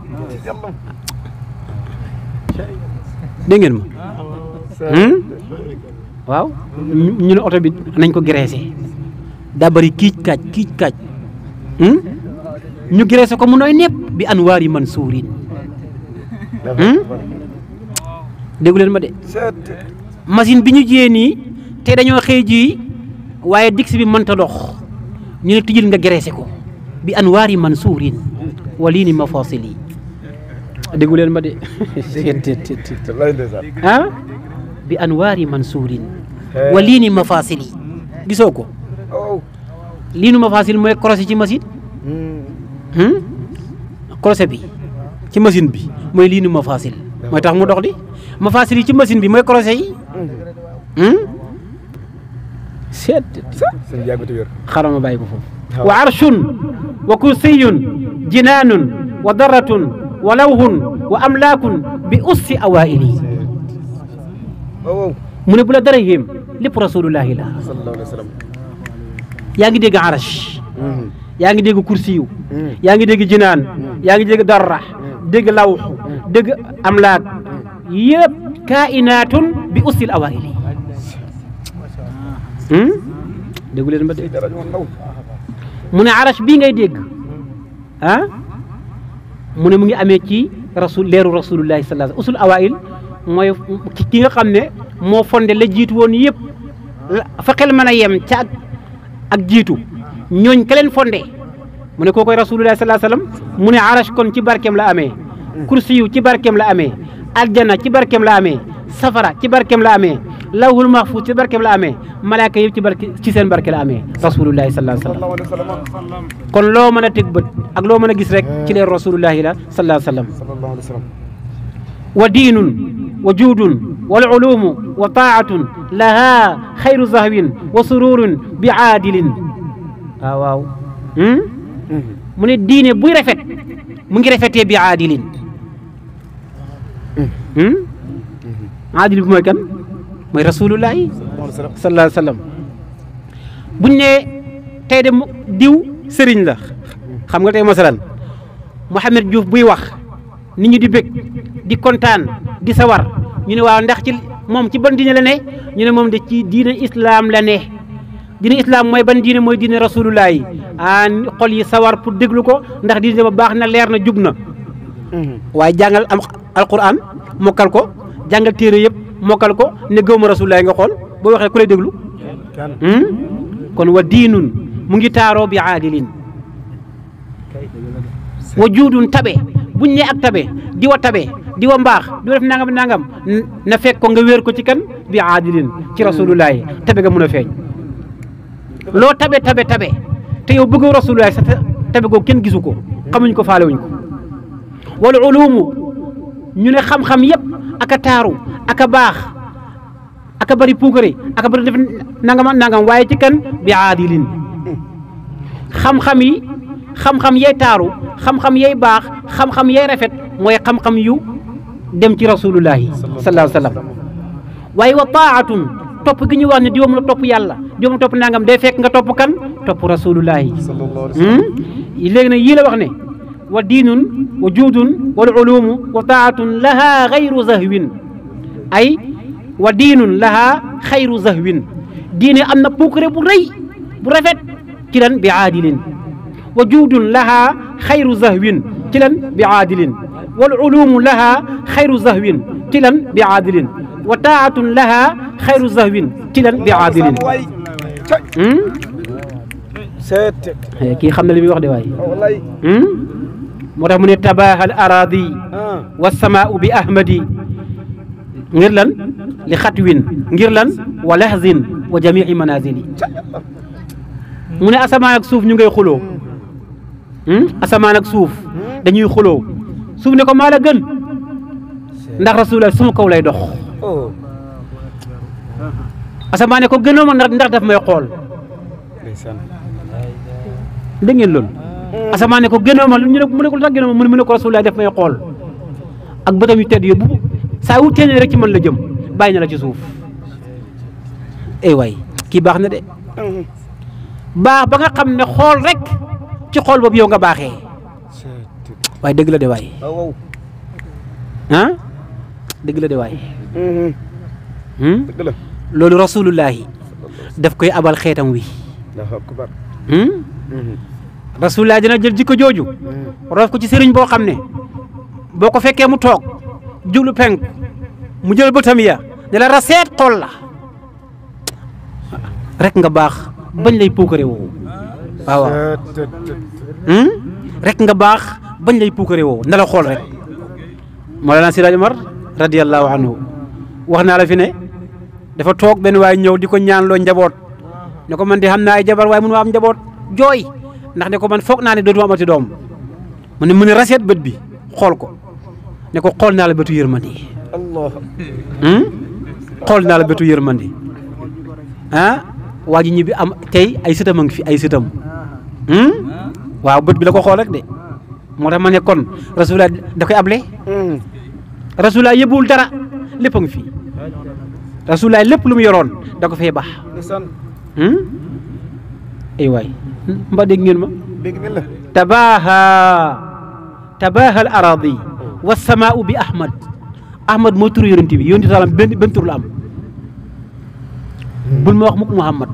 de ngeen ma hmm? waaw ñu auto bi nañ ko graissé daa bari kiic kaaj kiic kaaj hmm? ñu graissé ko mu noy nepp bi anwari man hmm, degulen ma de machine bi ñu jiyee nii te dañoo waaye dix bi mënta dox ñu ne tijjil nga grécé ko bi anwaari man walii ni mafasil yi déggu leen ma de ah [LAUGHS] bi anwaari mansuurin walii eh. ni mafasil yi gisoo ko oh. lii nu mafasil mooy croisé ci machine hmm. hmm? croisé bi ci machine bi mooy lii nu mafasil mooy tax mu dox di mafasil yi ci machine bi mooy croisé yi hmm. خرم بايكو فوف وعرش وكرسي جنان ودرة ولوه واملاك باس اوائلي من بلا درهم لرسول الله صلى الله عليه وسلم ياغي يعني ديغ عرش ياغي يعني ديغ كرسي ياغي يعني ديغ جنان ياغي ديغ دره ديغ لوح ديغ املاك يب كائنات باس الاوائلي Hmm? déggu leen ba mu ne arash bii ngay dégg ah mu ne mu ngi amee ci rasul leeru rasulullahi sallallahu usul awail mooy ki nga xam ne moo fonde la jiitu woon yëpp fa xel mën a yem ca ak jiitu ñooñ ka fonde mu ne koo koy rasulullahi sallallahu sallam mu ne arash kon ci barkeem la amee kursiyu ci barkeem la amee aljana ci barkeem la amee safara ci barkeem la amee لو هو المحفوظ تبارك الله أمي ملاك يجيب تبارك تيسن بارك الله أمي رسول الله صلى الله عليه وسلم كن لو من تكبر أقلو من جسرك آه. تل رسول الله لا صلى الله عليه وسلم ودين وجود والعلوم وطاعة لها خير ذهب وسرور بعادل آه، واو من الدين بوي رفت من رفت بعادل عادل بمكان mooy rasulullahi sallallahu alayhi wasallam buñ ne tey de diw sëriñ la xam nga tey masalan Mouhamed Diouf buy wax ni ñu di bëgg di kontaan di sawar ñu ne waaw ndax ci moom ci ban diine la ne ñu ne moom de ci diine islaam la ne diine islaam mooy ban diine mooy diine rasulullah yi ah xol yi sawar pour déglu ko ndax diine ba baax na leer na jub na mhm. waaye jàngal am alquran mokkal ko jàngal téere yëpp mokal ko ne gëw rasulullah nga xol bo waxe ku lay déglu kon wa dinun mu ngi taro bi adilin wujudun tabe buñ ne ak tabe di wa tabe di wa mbaax di def nangam nangam na fek ko nga wër ko ci kan bi adilin ci rasulullah tabe nga mun feñ lo tabe tabe tabe te yow bëgg rasulullah tabe go ken gisuko xamuñ ko faalé wuñ ko wal ulum ñu ne xam-xam yépp aka taaru aka baax aka bari puukare aka bari def nangam nangam waaye ci kan bi aadilin xam-xam yi xam-xam yay taaru xam-xam yay baax xam-xam yay rafet mooy xam-xam yu dem ci rasulullahi sallallahu alayhi wa sallam waaye wa taatun topp gi ñu wax ne diwam la topp yàlla diwam la topp nangam day fekk nga topp kan topp rasulullahi hmm? léegi nag yii la wax ne ودين وجود والعلوم وطاعة لها غير زهو أي ودين لها خير زهو دين أن بكر بري برفت كلاً بعادل وجود لها خير زهو كلاً بعادل والعلوم لها خير زهو كلاً بعادل وطاعة لها خير زهو كلاً بعادل سيت كي خمنا لي واخ دي واي والله مرمون تباه الأراضي والسماء بأحمدي غيرلن لخطوين غيرلن ولحزين وجميع منازلي من أسمان أكسوف نيجي خلو أسمان أكسوف دنيو خلو سوف نكو مالا جن ندخ رسول الله سمو كولا يدخ أسمان نكو جنو من ندخ دف ما يقول دنيو لون asamaan ne ko génnoo ma ñu ne mu ne ko lu tax génnoo ma mu ne ko rasulullah def may xool ak bëtam yu tedd yóbbu saa yu teene rek ci mën la jëm bàyyi na la ci suuf ay eh waay kii baax na de baax ba nga xam ne xool rek ci xool boobu yow nga baaxe waaye dëgg la de waay hmm? loolu rasulullahi def koy abal xeetam wi rasulullah dina jël jikko jooju roof ko ci sëriñ boo xam ne boo ko fekkee mu toog jublu penk mu jël bëtam ya ne la raseet xool la rek nga baax bañ lay puukare woo waaw hmm? rek nga baax bañ lay puukare woo ne la xool rek Mawlana Siraj Omar radiyallahu anhu wax naa la fi ne dafa toog benn waaye ñëw di ko ñaan loo njaboot ne ko man di xam naay jabar waaye mënu am njaboot jooy ndax ne ko man foog naa ne dootuma amati doom mu ne mu ne raseet bët bi xool ko ne ko xool naa la bëtu yërmandi allah hmm? xool naa la bëtu yërmandi ah waa ji ñibbi am tey ay sëtam a ngi fi ay sëtam hmm? waaw bët bi la ko xool rek de moo tax ma ne kon rasulullah da koy able hmm. rasulullah yëbbuwul dara lépp a fi rasulullah lépp lu yoroon da ko fee baax waay mba dégg ngeen ma dégg ngeen la tabaaha tabaaha al araadi wa samaau bi ahmad ahmad mooy turu yonent bi yonent salaam benn benn tur la am bul ma wax mukk muhammad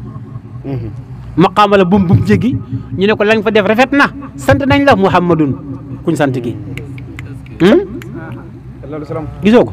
mhm. maqaama la bum bum jéggi ñu ne ko lañ fa def rafet na sant nañ la muhammadun kuñ sant gi hmm? gisoo ko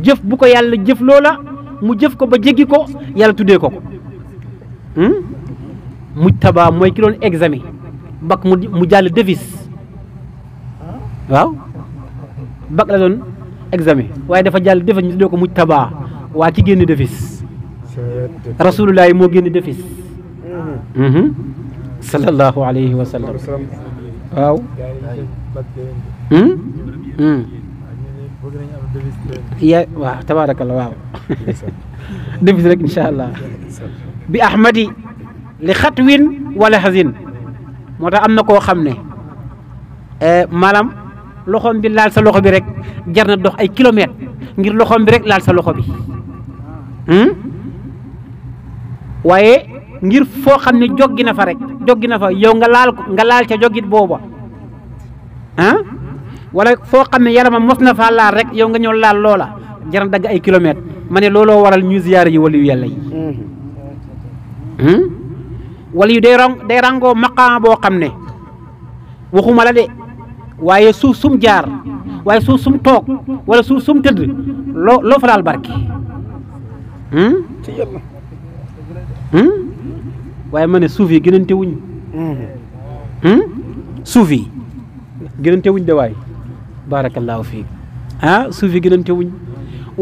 jëf bu ko yàlla jëf loola mu jëf ko ba jéggi ko yàlla tuddee ko ko hmm? muj tabaa mooy ki doon examen bac mu mu jàll defis waaw bac la doon examen waaye dafa jàll devis ñu tuddee ko muj tabaa waa ci génn defis rasulullah yi moo génn defis hmm? sallallahu alayhi wa sallam waaw hmm? يا تبارك الله واو دبس لك ان شاء الله باحمدي لخطوين ولا حزين موتا امنا كو خامني ا مالام لوخوم بي لال سا لوخو بي رك جارنا دوخ اي كيلومتر غير لوخوم بي رك لال سا لوخو بي هم وايي غير فو خامني جوغينا فا رك جوغينا فا يو nga لال nga لال تا جوغيت بوبا ها wala foo xam ne yaramam mos na faa laal rek yow nga ñoo laal loola jaran dagg ay kilomètres ma ne looloo waral ñu ziyaar yi waliyu yàlla yi mm-hmm. hmm? waliyu day rang day rangoo maqaama boo xam ne waxuma la de waaye suuf sum jaar waaye suuf sum toog wala suuf sum tëdd loo loo fa laal barke hmm? Hmm? waaye ma ne suuf yi gënante wuñ mm-hmm. suuf yi gënante wuñ de waay baarakallaahu fii ah suuf yi gënante wuñ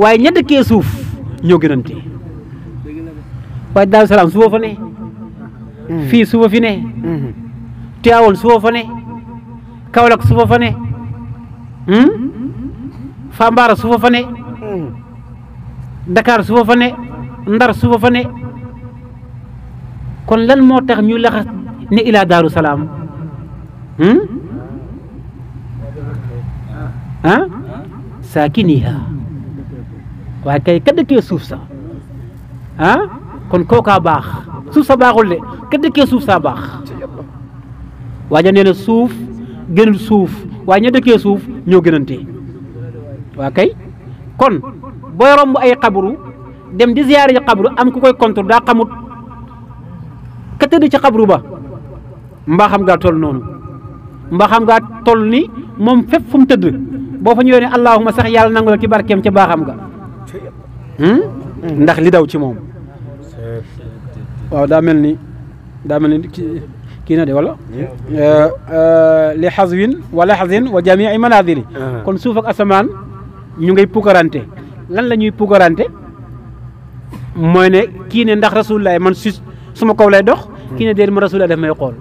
waaye ñett dëkkee suuf ñoo gënante waaye Daaru Salaam fa ne hmm. fii suba fi ne hmm. Tiwaawan suba fa ne Kaolack suba fa ne hmm? Fambaara suba fa ne Dakar suba fa ne Ndar suba fa ne kon lan moo tax ñu laxas ne ilaa Daaru Salaam ah saakiniha waaye kay ka dëkkee suuf sa ah kon kookaa baax suuf sa baaxul de ka dëkkee suuf saa baax waaja nee suuf gënul suuf waaye ña dëkkee suuf ñoo gënante waa kay kon booy romb ay xabru dem di ziyaare ci am ku koy contre daa xamut ka tëdd ci xabru ba mbaa xam ngaa toll noonu mbaa xam ngaa toll ni moom fépp fu mu tëdd boo fa ñëwee ne allahuma sax yàlla nangu la ci barkeem ca baaxam ga hmm? ndax li daw ci moom waaw daa mel ni daa mel ni kii na de wala eh, eh, li xazwin wala xazin wa jamii manazili ah. kon suuf asamaan ñu ngay puukarante lan la ñuy puukarante mooy ne kii ne ndax rasulullah man su suma kaw lay dox kii ne déedéet ma rasulullah daf may xool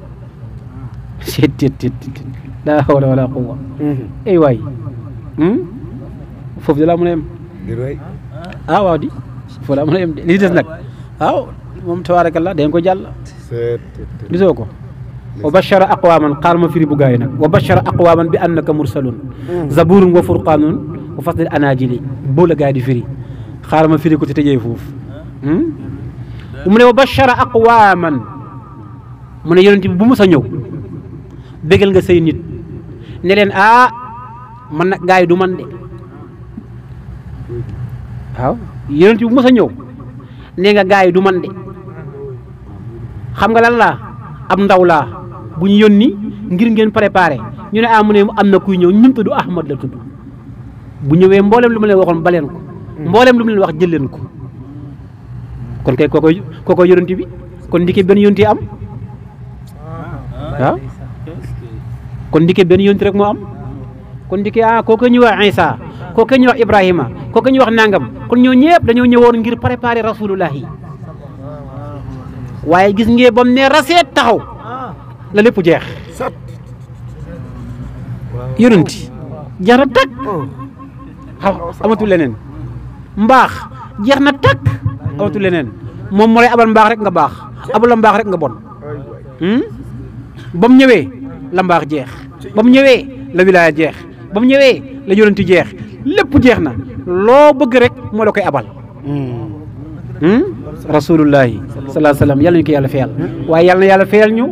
tet tet tet la hawla wala mm-hmm. waay Hmm? foofu de laa a yem. ah waaw foofu laa mën a yem de li des nag waaw ah, moom tabaarakallah dañ ko jàll. gisoo ko. wa bashara aqwaman xaar firi bu gaay nag wa bashara aqwaman bi annaka mursalun hmm. zaburun wa di firi xaar firi ko te tëjee foofu hmm? mu wa bashara aqwaman mu ne yonent bi bu mu sa ñëw bégal nga say nit ne ah man nak gaay du man de waaw yeenent bu mësa ñew ne nga gaay du man de xam nga lan la am ndaw la bu ñu yoni ngir ngeen préparer ñu ne amu ne kuy ñew ñum tuddu ahmad la tuddu bu ñewé mboolem lu ma leen waxon balen ko mboolem lu mu leen wax jël leen ko kon kay koko koko yonent bi kon ndike ben yonent am waaw kon ndike ben yonent rek mo am kon diki ah ko ñu wax isa ko ñu wax ibrahima ko ñu wax nangam kon ñoo ñepp dañoo ñëwoon ngir préparer rasulullah waye gis ngey bam ne raseet taxaw la lepp jeex yonenti jara tak amatu lenen mbax jeexna tak amatu lenen mom moy abal mbax rek nga bax abul mbax rek nga bon hmm bam ñëwee la mbax jeex bam ñëwee la wilaya jeex ba mu ñëwee la yonent jeex lépp jeex na loo bëgg rek moo la koy abal hmm? rasulullahi salaa salaam yàlla ñu ko yàlla feyal waaye yàlla na yàlla feyal ñu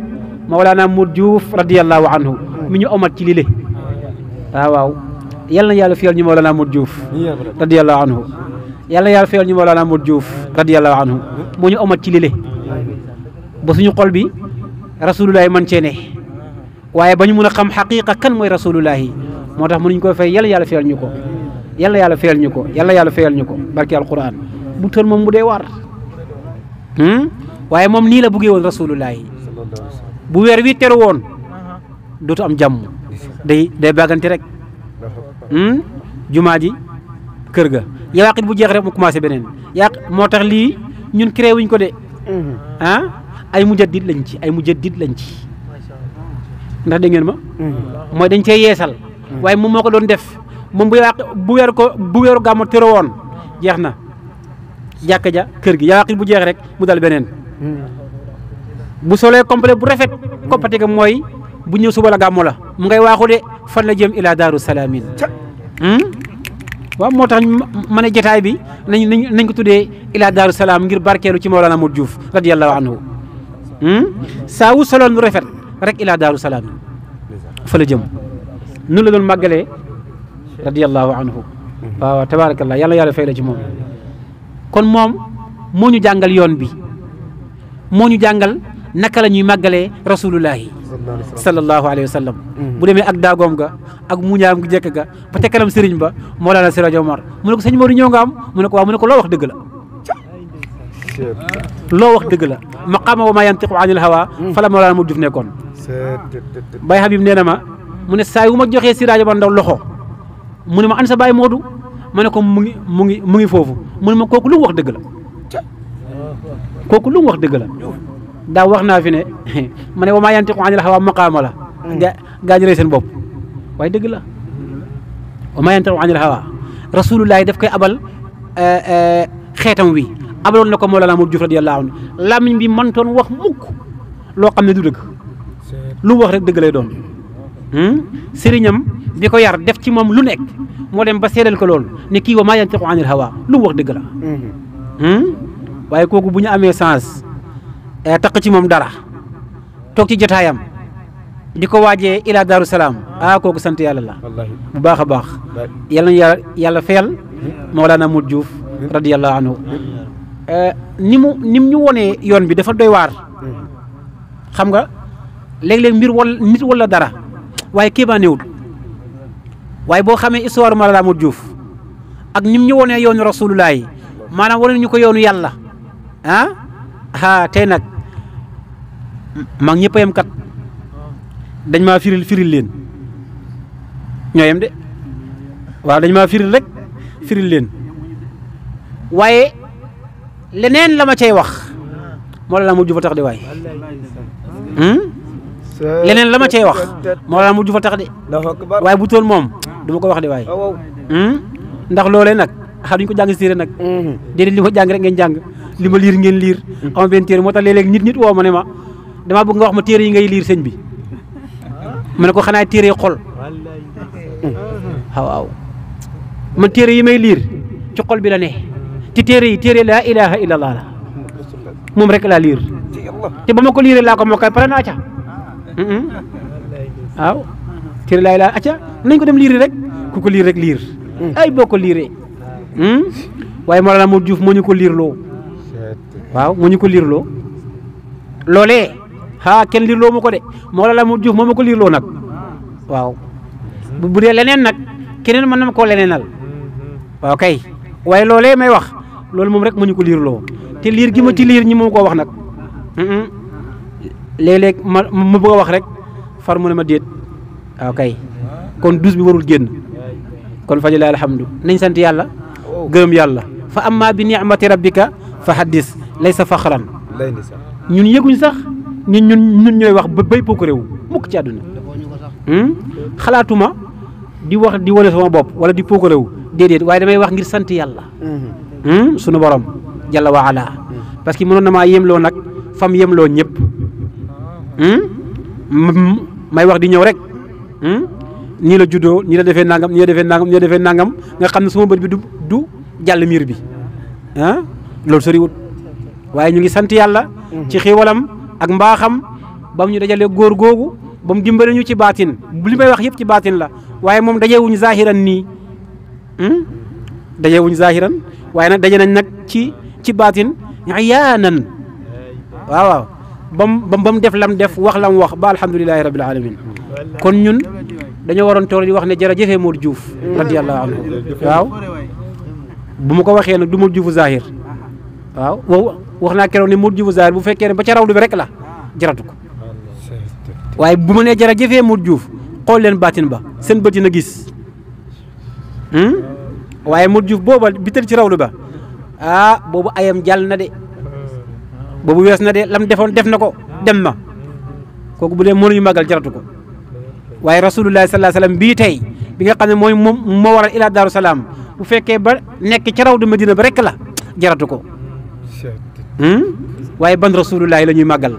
Mawlana Modou Diouf radiyallahu anhu mi ñu omat ci lile waaw ah, waaw yàlla na yàlla feyal ñu Mawlana Modou Diouf radiyallahu anhu yàlla na yàlla feyal ñu Mawlana Modou Diouf radiyallahu anhu moo ñu omat ci lile ba suñu xol bi rasulullahi man cee ne waaye ba ñu mun a xam xaqiqa kan mooy rasulullahi motax tax mënuñ ko fay yalla yalla fayal ñuko yalla yalla yàlla fayal ñu yalla yàlla yàlla fayal ñu barki alquran bu teul mom bu war hmm waye won, ni la buggee rasulullah bu wër wi teru won dootu am jamm day day baganti rek hmm? jumaa ji kër ga yawaqit bu jeex rek mu commencé benen yaq motax li ñun créé wuñ ko dé ah ay mujaddid lañ ci ay mujaddid lañ ci ndax de ngeen ma moy hmm. dañ cey yeesal Mm. waaye moom moo ko doon def moom bu yàq bu weer ko bu weeru gàmmu tërë woon jeex na jàkka ja kër gi yaa bu jeex rek mu dal beneen mm. bu solee complet bu rafet koppati ga mooy bu ñëw suba la gàmmu la mu ngay waaxu de fan la jëm ila daaru salaamin hmm? waaw moo tax ma ne jotaay bi nañ nañ ko tuddee ila daaru salaam ngir barkeelu ci Mawlana Modou Diouf radiyallahu anhu hmm? saa saawu soloon lu rafet rek ila daaru salaam fa la jëm nu la doon màggalee radiallahu anhu waaw tabaarakallah yàlla yàlla fay la ci moom kon moom moo ñu jàngal yoon bi moo ñu jàngal naka la ñuy màggalee rasulullahi sallallahu alayhi wa sallam mm-hmm. bu demee ak daagoom ga ak muñaam gi jekk ga ba te kanam sëriñ ba moo Siraaj Omar mu ne ko sëñ Maodo ñëw nga am mu ne ko waaw mu ne ko loo wax dëgg la loo wax dëgg la maqaama wa ma yantiqu anil hawa mm-hmm. fala Mawlana mu def nekkoon Baye Habib nee na ma mu ne saa wu ma joxee Siraaja ba ndaw loxo mu ne ma an sa baay Moodu ma ne ko mu ngi mu ngi mu foofu mu ne ma kooku lu wax dëgg la kooku lu wax dëgg la daa wax naa fi ne [LAUGHS] ma ne wa maa yantiqu anil hawaa maqaama la gaa seen bopp waaye dëgg la wa maa yantiqu daf koy abal eh, eh, xeetam wi abaloon na ko la moo Diouf radiyallahu anhu làmmiñ bi mëntoon wax mukk loo xam ne du dëgg lu wax rek dëgg lay doon Hmm? sëriñam bi ko yar def ci moom lu nekk moo dem ba seedal ko loolu ne kii wa maa yantiqu anil hawa lu wax dëgg la mm-hmm. hmm? waaye kooku bu ñu amee sens eh, taq ci moom dara toog ci jotaayam di ko waajee ila daaru salaam ah kooku sant yàlla la bu baax a baax yàlla na yàlla feyal mm-hmm. Mawlana Modou Diouf mm-hmm. radiyallahu eh, ni mu ni mu ñu wonee yoon bi dafa doy waar xam nga léeg-léeg mbir wala nit wala dara waaye kéemaanewul waaye boo xamee histoire Mawlana Mahmoud juuf ak ñim ñu wonee yoonu rasulullah yi maanaam wane ñu ko yoonu yàlla ah ah nag mag ñëpp a kat dañ maa firil firil leen ñoo yem de waaw dañ maa firil rek firil leen waaye leneen la ma cay wax moo Mahmoud Diouf a tax de waay. Hmm? leneen lama cey wax moo laa mujj fa tax de way bu ton mom duma ko wax de ah, hmm ndax lolé nak xaduñ ko jang si nak nag hmm. déedéet li ma jàng rek ngeen jang lima lire ngeen lire hmm. xama benn téere moo tax nit nit wo ma ma dama bëgg nga wax ma téré yi ngay lire sëñ bi mané ko xana téré xol ah, waaw waaw ma téré yi may lire ci xol bi la né ci téré yi téré la ilaha illallah mom rek la lire ci bama ko lire la ko Mm-hmm. [LAUGHS] waaw cër lay laa acca nañ ko dem liiri rek ku ko liir rek liir mm. ay boo ko liiree hmm? waaye Mawlana Modou Diouf moo ñu ko liirloo waaw moo ñu ko liirloo loole xaa kenn liirloo ma ko de Mawlana Modou juuf moo ma ko liirloo nag waaw bu dee leneen nag keneen mën na ma koo leneenal waaw mm-hmm. kay waaye loolee may wax loolu moom rek moo ñu ko liirloo te liir gi ma ci liir ñi moom koo wax nag mm-hmm. léeg-léeg ma ma bëgg a wax rek far mu ne ma déet waaw ah, kon douze bi warul génn kon fajalaay alhamdu nañ sant yàlla gërëm yàlla fa maa bi ni'mati rabbika fa haddis laysa faxran ñun yëguñ sax ni ñun ñun ñooy wax ba béy pok réew mukk ci àdduna hmm? xalaatuma di wax di wane sama bopp wala di pok réew déedéet waaye damay wax ngir sant yàlla hmm? sunu borom jalla wa ala hmm. parce que mënoon na maa yemloo nag fam yemloo ñëpp Hmm? may wax di ñëw rek hmm? nii la juddoo nii la defee nangam nii la defee nangam nii defee nangam nga xam ne suma bët bi du du jàll miir bi ah loolu soriwut waaye ñu ngi sant yàlla ci xiwalam ak mbaaxam ba ñu dajalee góor googu ba mu ñu ci baatin li may wax yëpp ci baatin la waaye moom dajewuñu zahiran nii hmm? dajewuñu zahiran waaye nag daje nañ nag ci ci baatin yaanan waaw waaw bam bam def lam def wax lam wax ba alhamdulilahi rabbil alamin kon ñun dañu waron toog di wax ne jara jefe Modou Diouf radiyallahu anhu waw bu ma ko waxe nak du Modou Diouf zahir waw waxna kero keroog ne Modou Diouf zahir bu fekke ne ba ca rawdu bi rek la jaratu ko waaye bu ma nee jërëjëfee Modou Diouf xool leen baatin ba sen beuti na gis hmm waye Modou Diouf booba bi tëdd ci rawdu ba ah bobu ayam jalna de boobu wess na de lam defon def nako dem na koku bu mo ñu magal jaratu ko rasulullah sallallahu alaihi wasallam bi tay bi nga xamne moy mo waral ila daaru salam bu fekke ba nek ci rawdu medina ba rek la jaratu ko hmm? waye ban rasulullah la ñuy màggal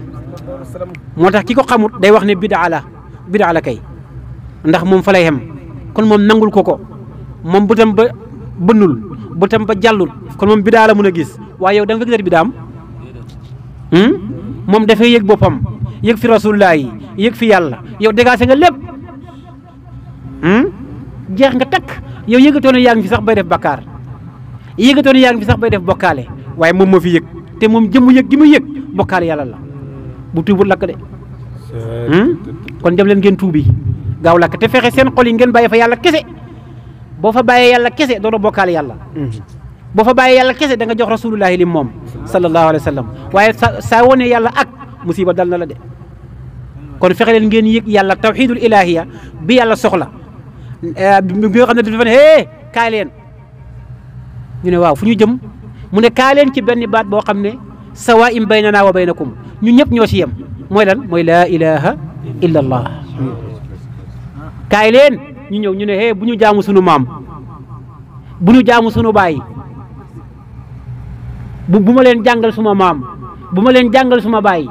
moo xamut day wax ne bid'a la bid'a la kay ndax mom falay hem kon mom nangul koko mom butam benul, ba bënul butam ba jallul kon mom bid'a la mëna gis waye yow da nga gëdër bid'am Hmm? moom dafay yéeg boppam yëg fi rasulullah yi yëg fi yàlla yow dégagé nga lépp hmm? jeex nga takk yow yëgatoo ne yaa ngi fi sax bay def bakkaar yëgatoo ne sax bay def bokkaale waaye moom moo fi yëg te moom jëmmu yëg gi mu yëg bokkaale yàlla la bu tuubul lakk de hmm? kon dem leen ngeen tuubi gaaw lakk te fexe seen xol ngeen bàyyi fa yàlla kese boo fa bàyyee yàlla kese doo bokkaale yàlla bo fa baye yàlla kesse da nga jox rasulullah li mom sallallahu alaihi wasallam waye sa wone yàlla ak musiba dal na la de kon fexe len ngeen yek yàlla tawhidul ilahiyya bi yàlla soxla bi nga xamné dafa ne hé kaay len ñu ne waaw fu ñu jëm mu ne kaay len ci benn baat bo xamné sawa'im baynana wa baynakum ñu ñëp ñoo ci yem moy lan moy la ilaha illa allah kay len ñu ñëw ñu ne hé bu ñu jaamu sunu mam bu ñu jaamu sunu baye buma len jangal suma mam buma len jangal suma bay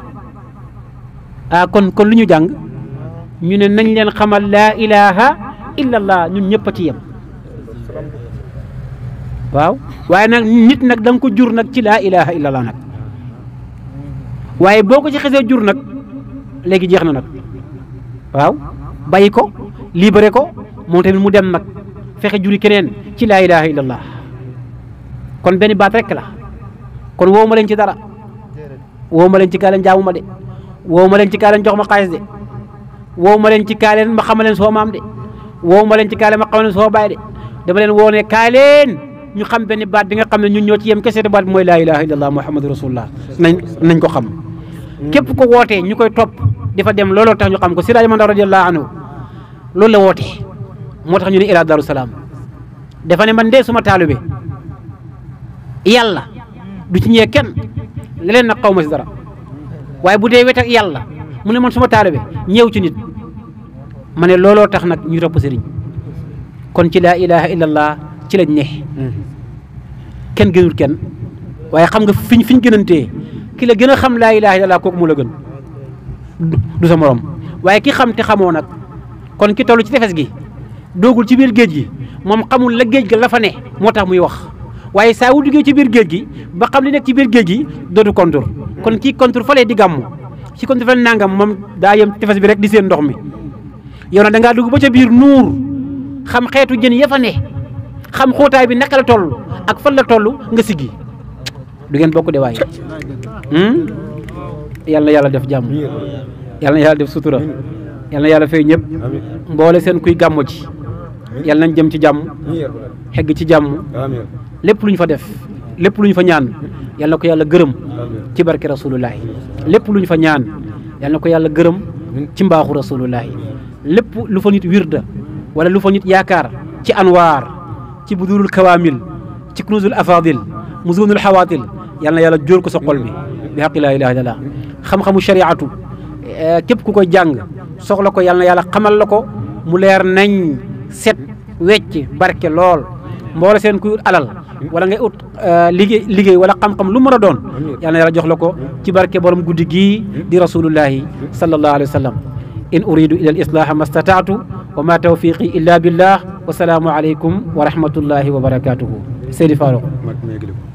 ah kon kon luñu jang, ñu ne nañ len xamal la ilaha illallah ñun ñepp ci yam waaw waye nak nit nak dang ko jur nak ci la ilaha illallah nag waaye boo ko ci xese jur nak legi jeex na waaw bayiko ko libéré ko moom mu dem nak fexé juri keneen ci la ilaha illallah kon benn baat rek la kon woowu ma leen ci dara woowu ma leen ci kalen leen ma de woowu ma leen ci kalen jox ma xaalis de woowu ma leen ci kalen ma xamalen so mam de woowu ma leen ci kalen ma xamalen so bay de dama len woné kalen ñu xam ben baat bi nga xam ne ñun ñoo ci yem kessé baat moy la ilaha illallah muhammadu rasulullah nañ nañ ko xam kep ko woté ñukoy top difa dem lolo tax ñu xam ko siraj man radhiyallahu anhu lolo la woté motax ñu ni ila daru salaam dafa man de suma taalibe yàlla du ci ñee kenn ne na nag xaw ma dara waaye bu dee wet ak yàlla mu ne man suma taalibe ñëw ci nit ma ne looloo tax nag ñu topp sëriñ kon ci laa ilaha illallah ci la ne kenn gënul kenn waaye xam nga fiñ fiñ gënantee ki la gën a xam laa ilaha illallah kooku moo la gën du sa morom waaye ki xam te xamoo nag kon ki toll ci tefes gi doogul ci biir géej gi moom xamul la géej ga la fa ne moo tax muy wax waaye saa wu duggee ci biir géej gi ba xam li nekk ci biir géej gi dootu kontur kon kii kontur falee di gàmmu ci kontur falee nangam moom daa yem tefes bi rek di seen ndox mi yow nag da dugg ba ca biir nuur xam xeetu jën ya fa ne xam xóotaay bi naka la toll ak fan la toll nga siggi du ngeen bokk de waaye hmm? yàlla na yàlla def jàmm yàlla na yàlla def sutura yàlla na yàlla fay ñëpp mboole seen kuy gàmmu ci yàlla nañ jëm ci jàmm xegg ci jàmm lépp lu ñu fa def lépp lu ñu fa ñaan yàlla na ko yàlla gërëm ci barke rasulullahi lépp lu ñu fa ñaan yàlla na ko yàlla gërëm ci mbaaxu rasulullahi lépp lu fa nit wirda wala lu fa nit yaakaar ci anwaar ci budurul kawaamil ci kunuzul afadil muzunul xawaatil yàlla na yàlla jóor ko sa xol bi bi xaqi laa ilaha illallah xam-xamu shariatu képp ku koy jàng soxla ko yàlla na yàlla xamal la ko mu leer nañ set wecc barke lool mboole seen kuy alal wala ngay ut euh, liggéey liggéey wala xam-xam lu mën a doon yal na yàlla jox la ko ci barke borom guddi gii di rasulullahi sallallahu alayhi wa sallam in uridu ila al islaha ma stataatu wa ma tawfiqi illa billah wa salaamu aleykum wa rahmatullahi wa barakatuhu Seydi Farouk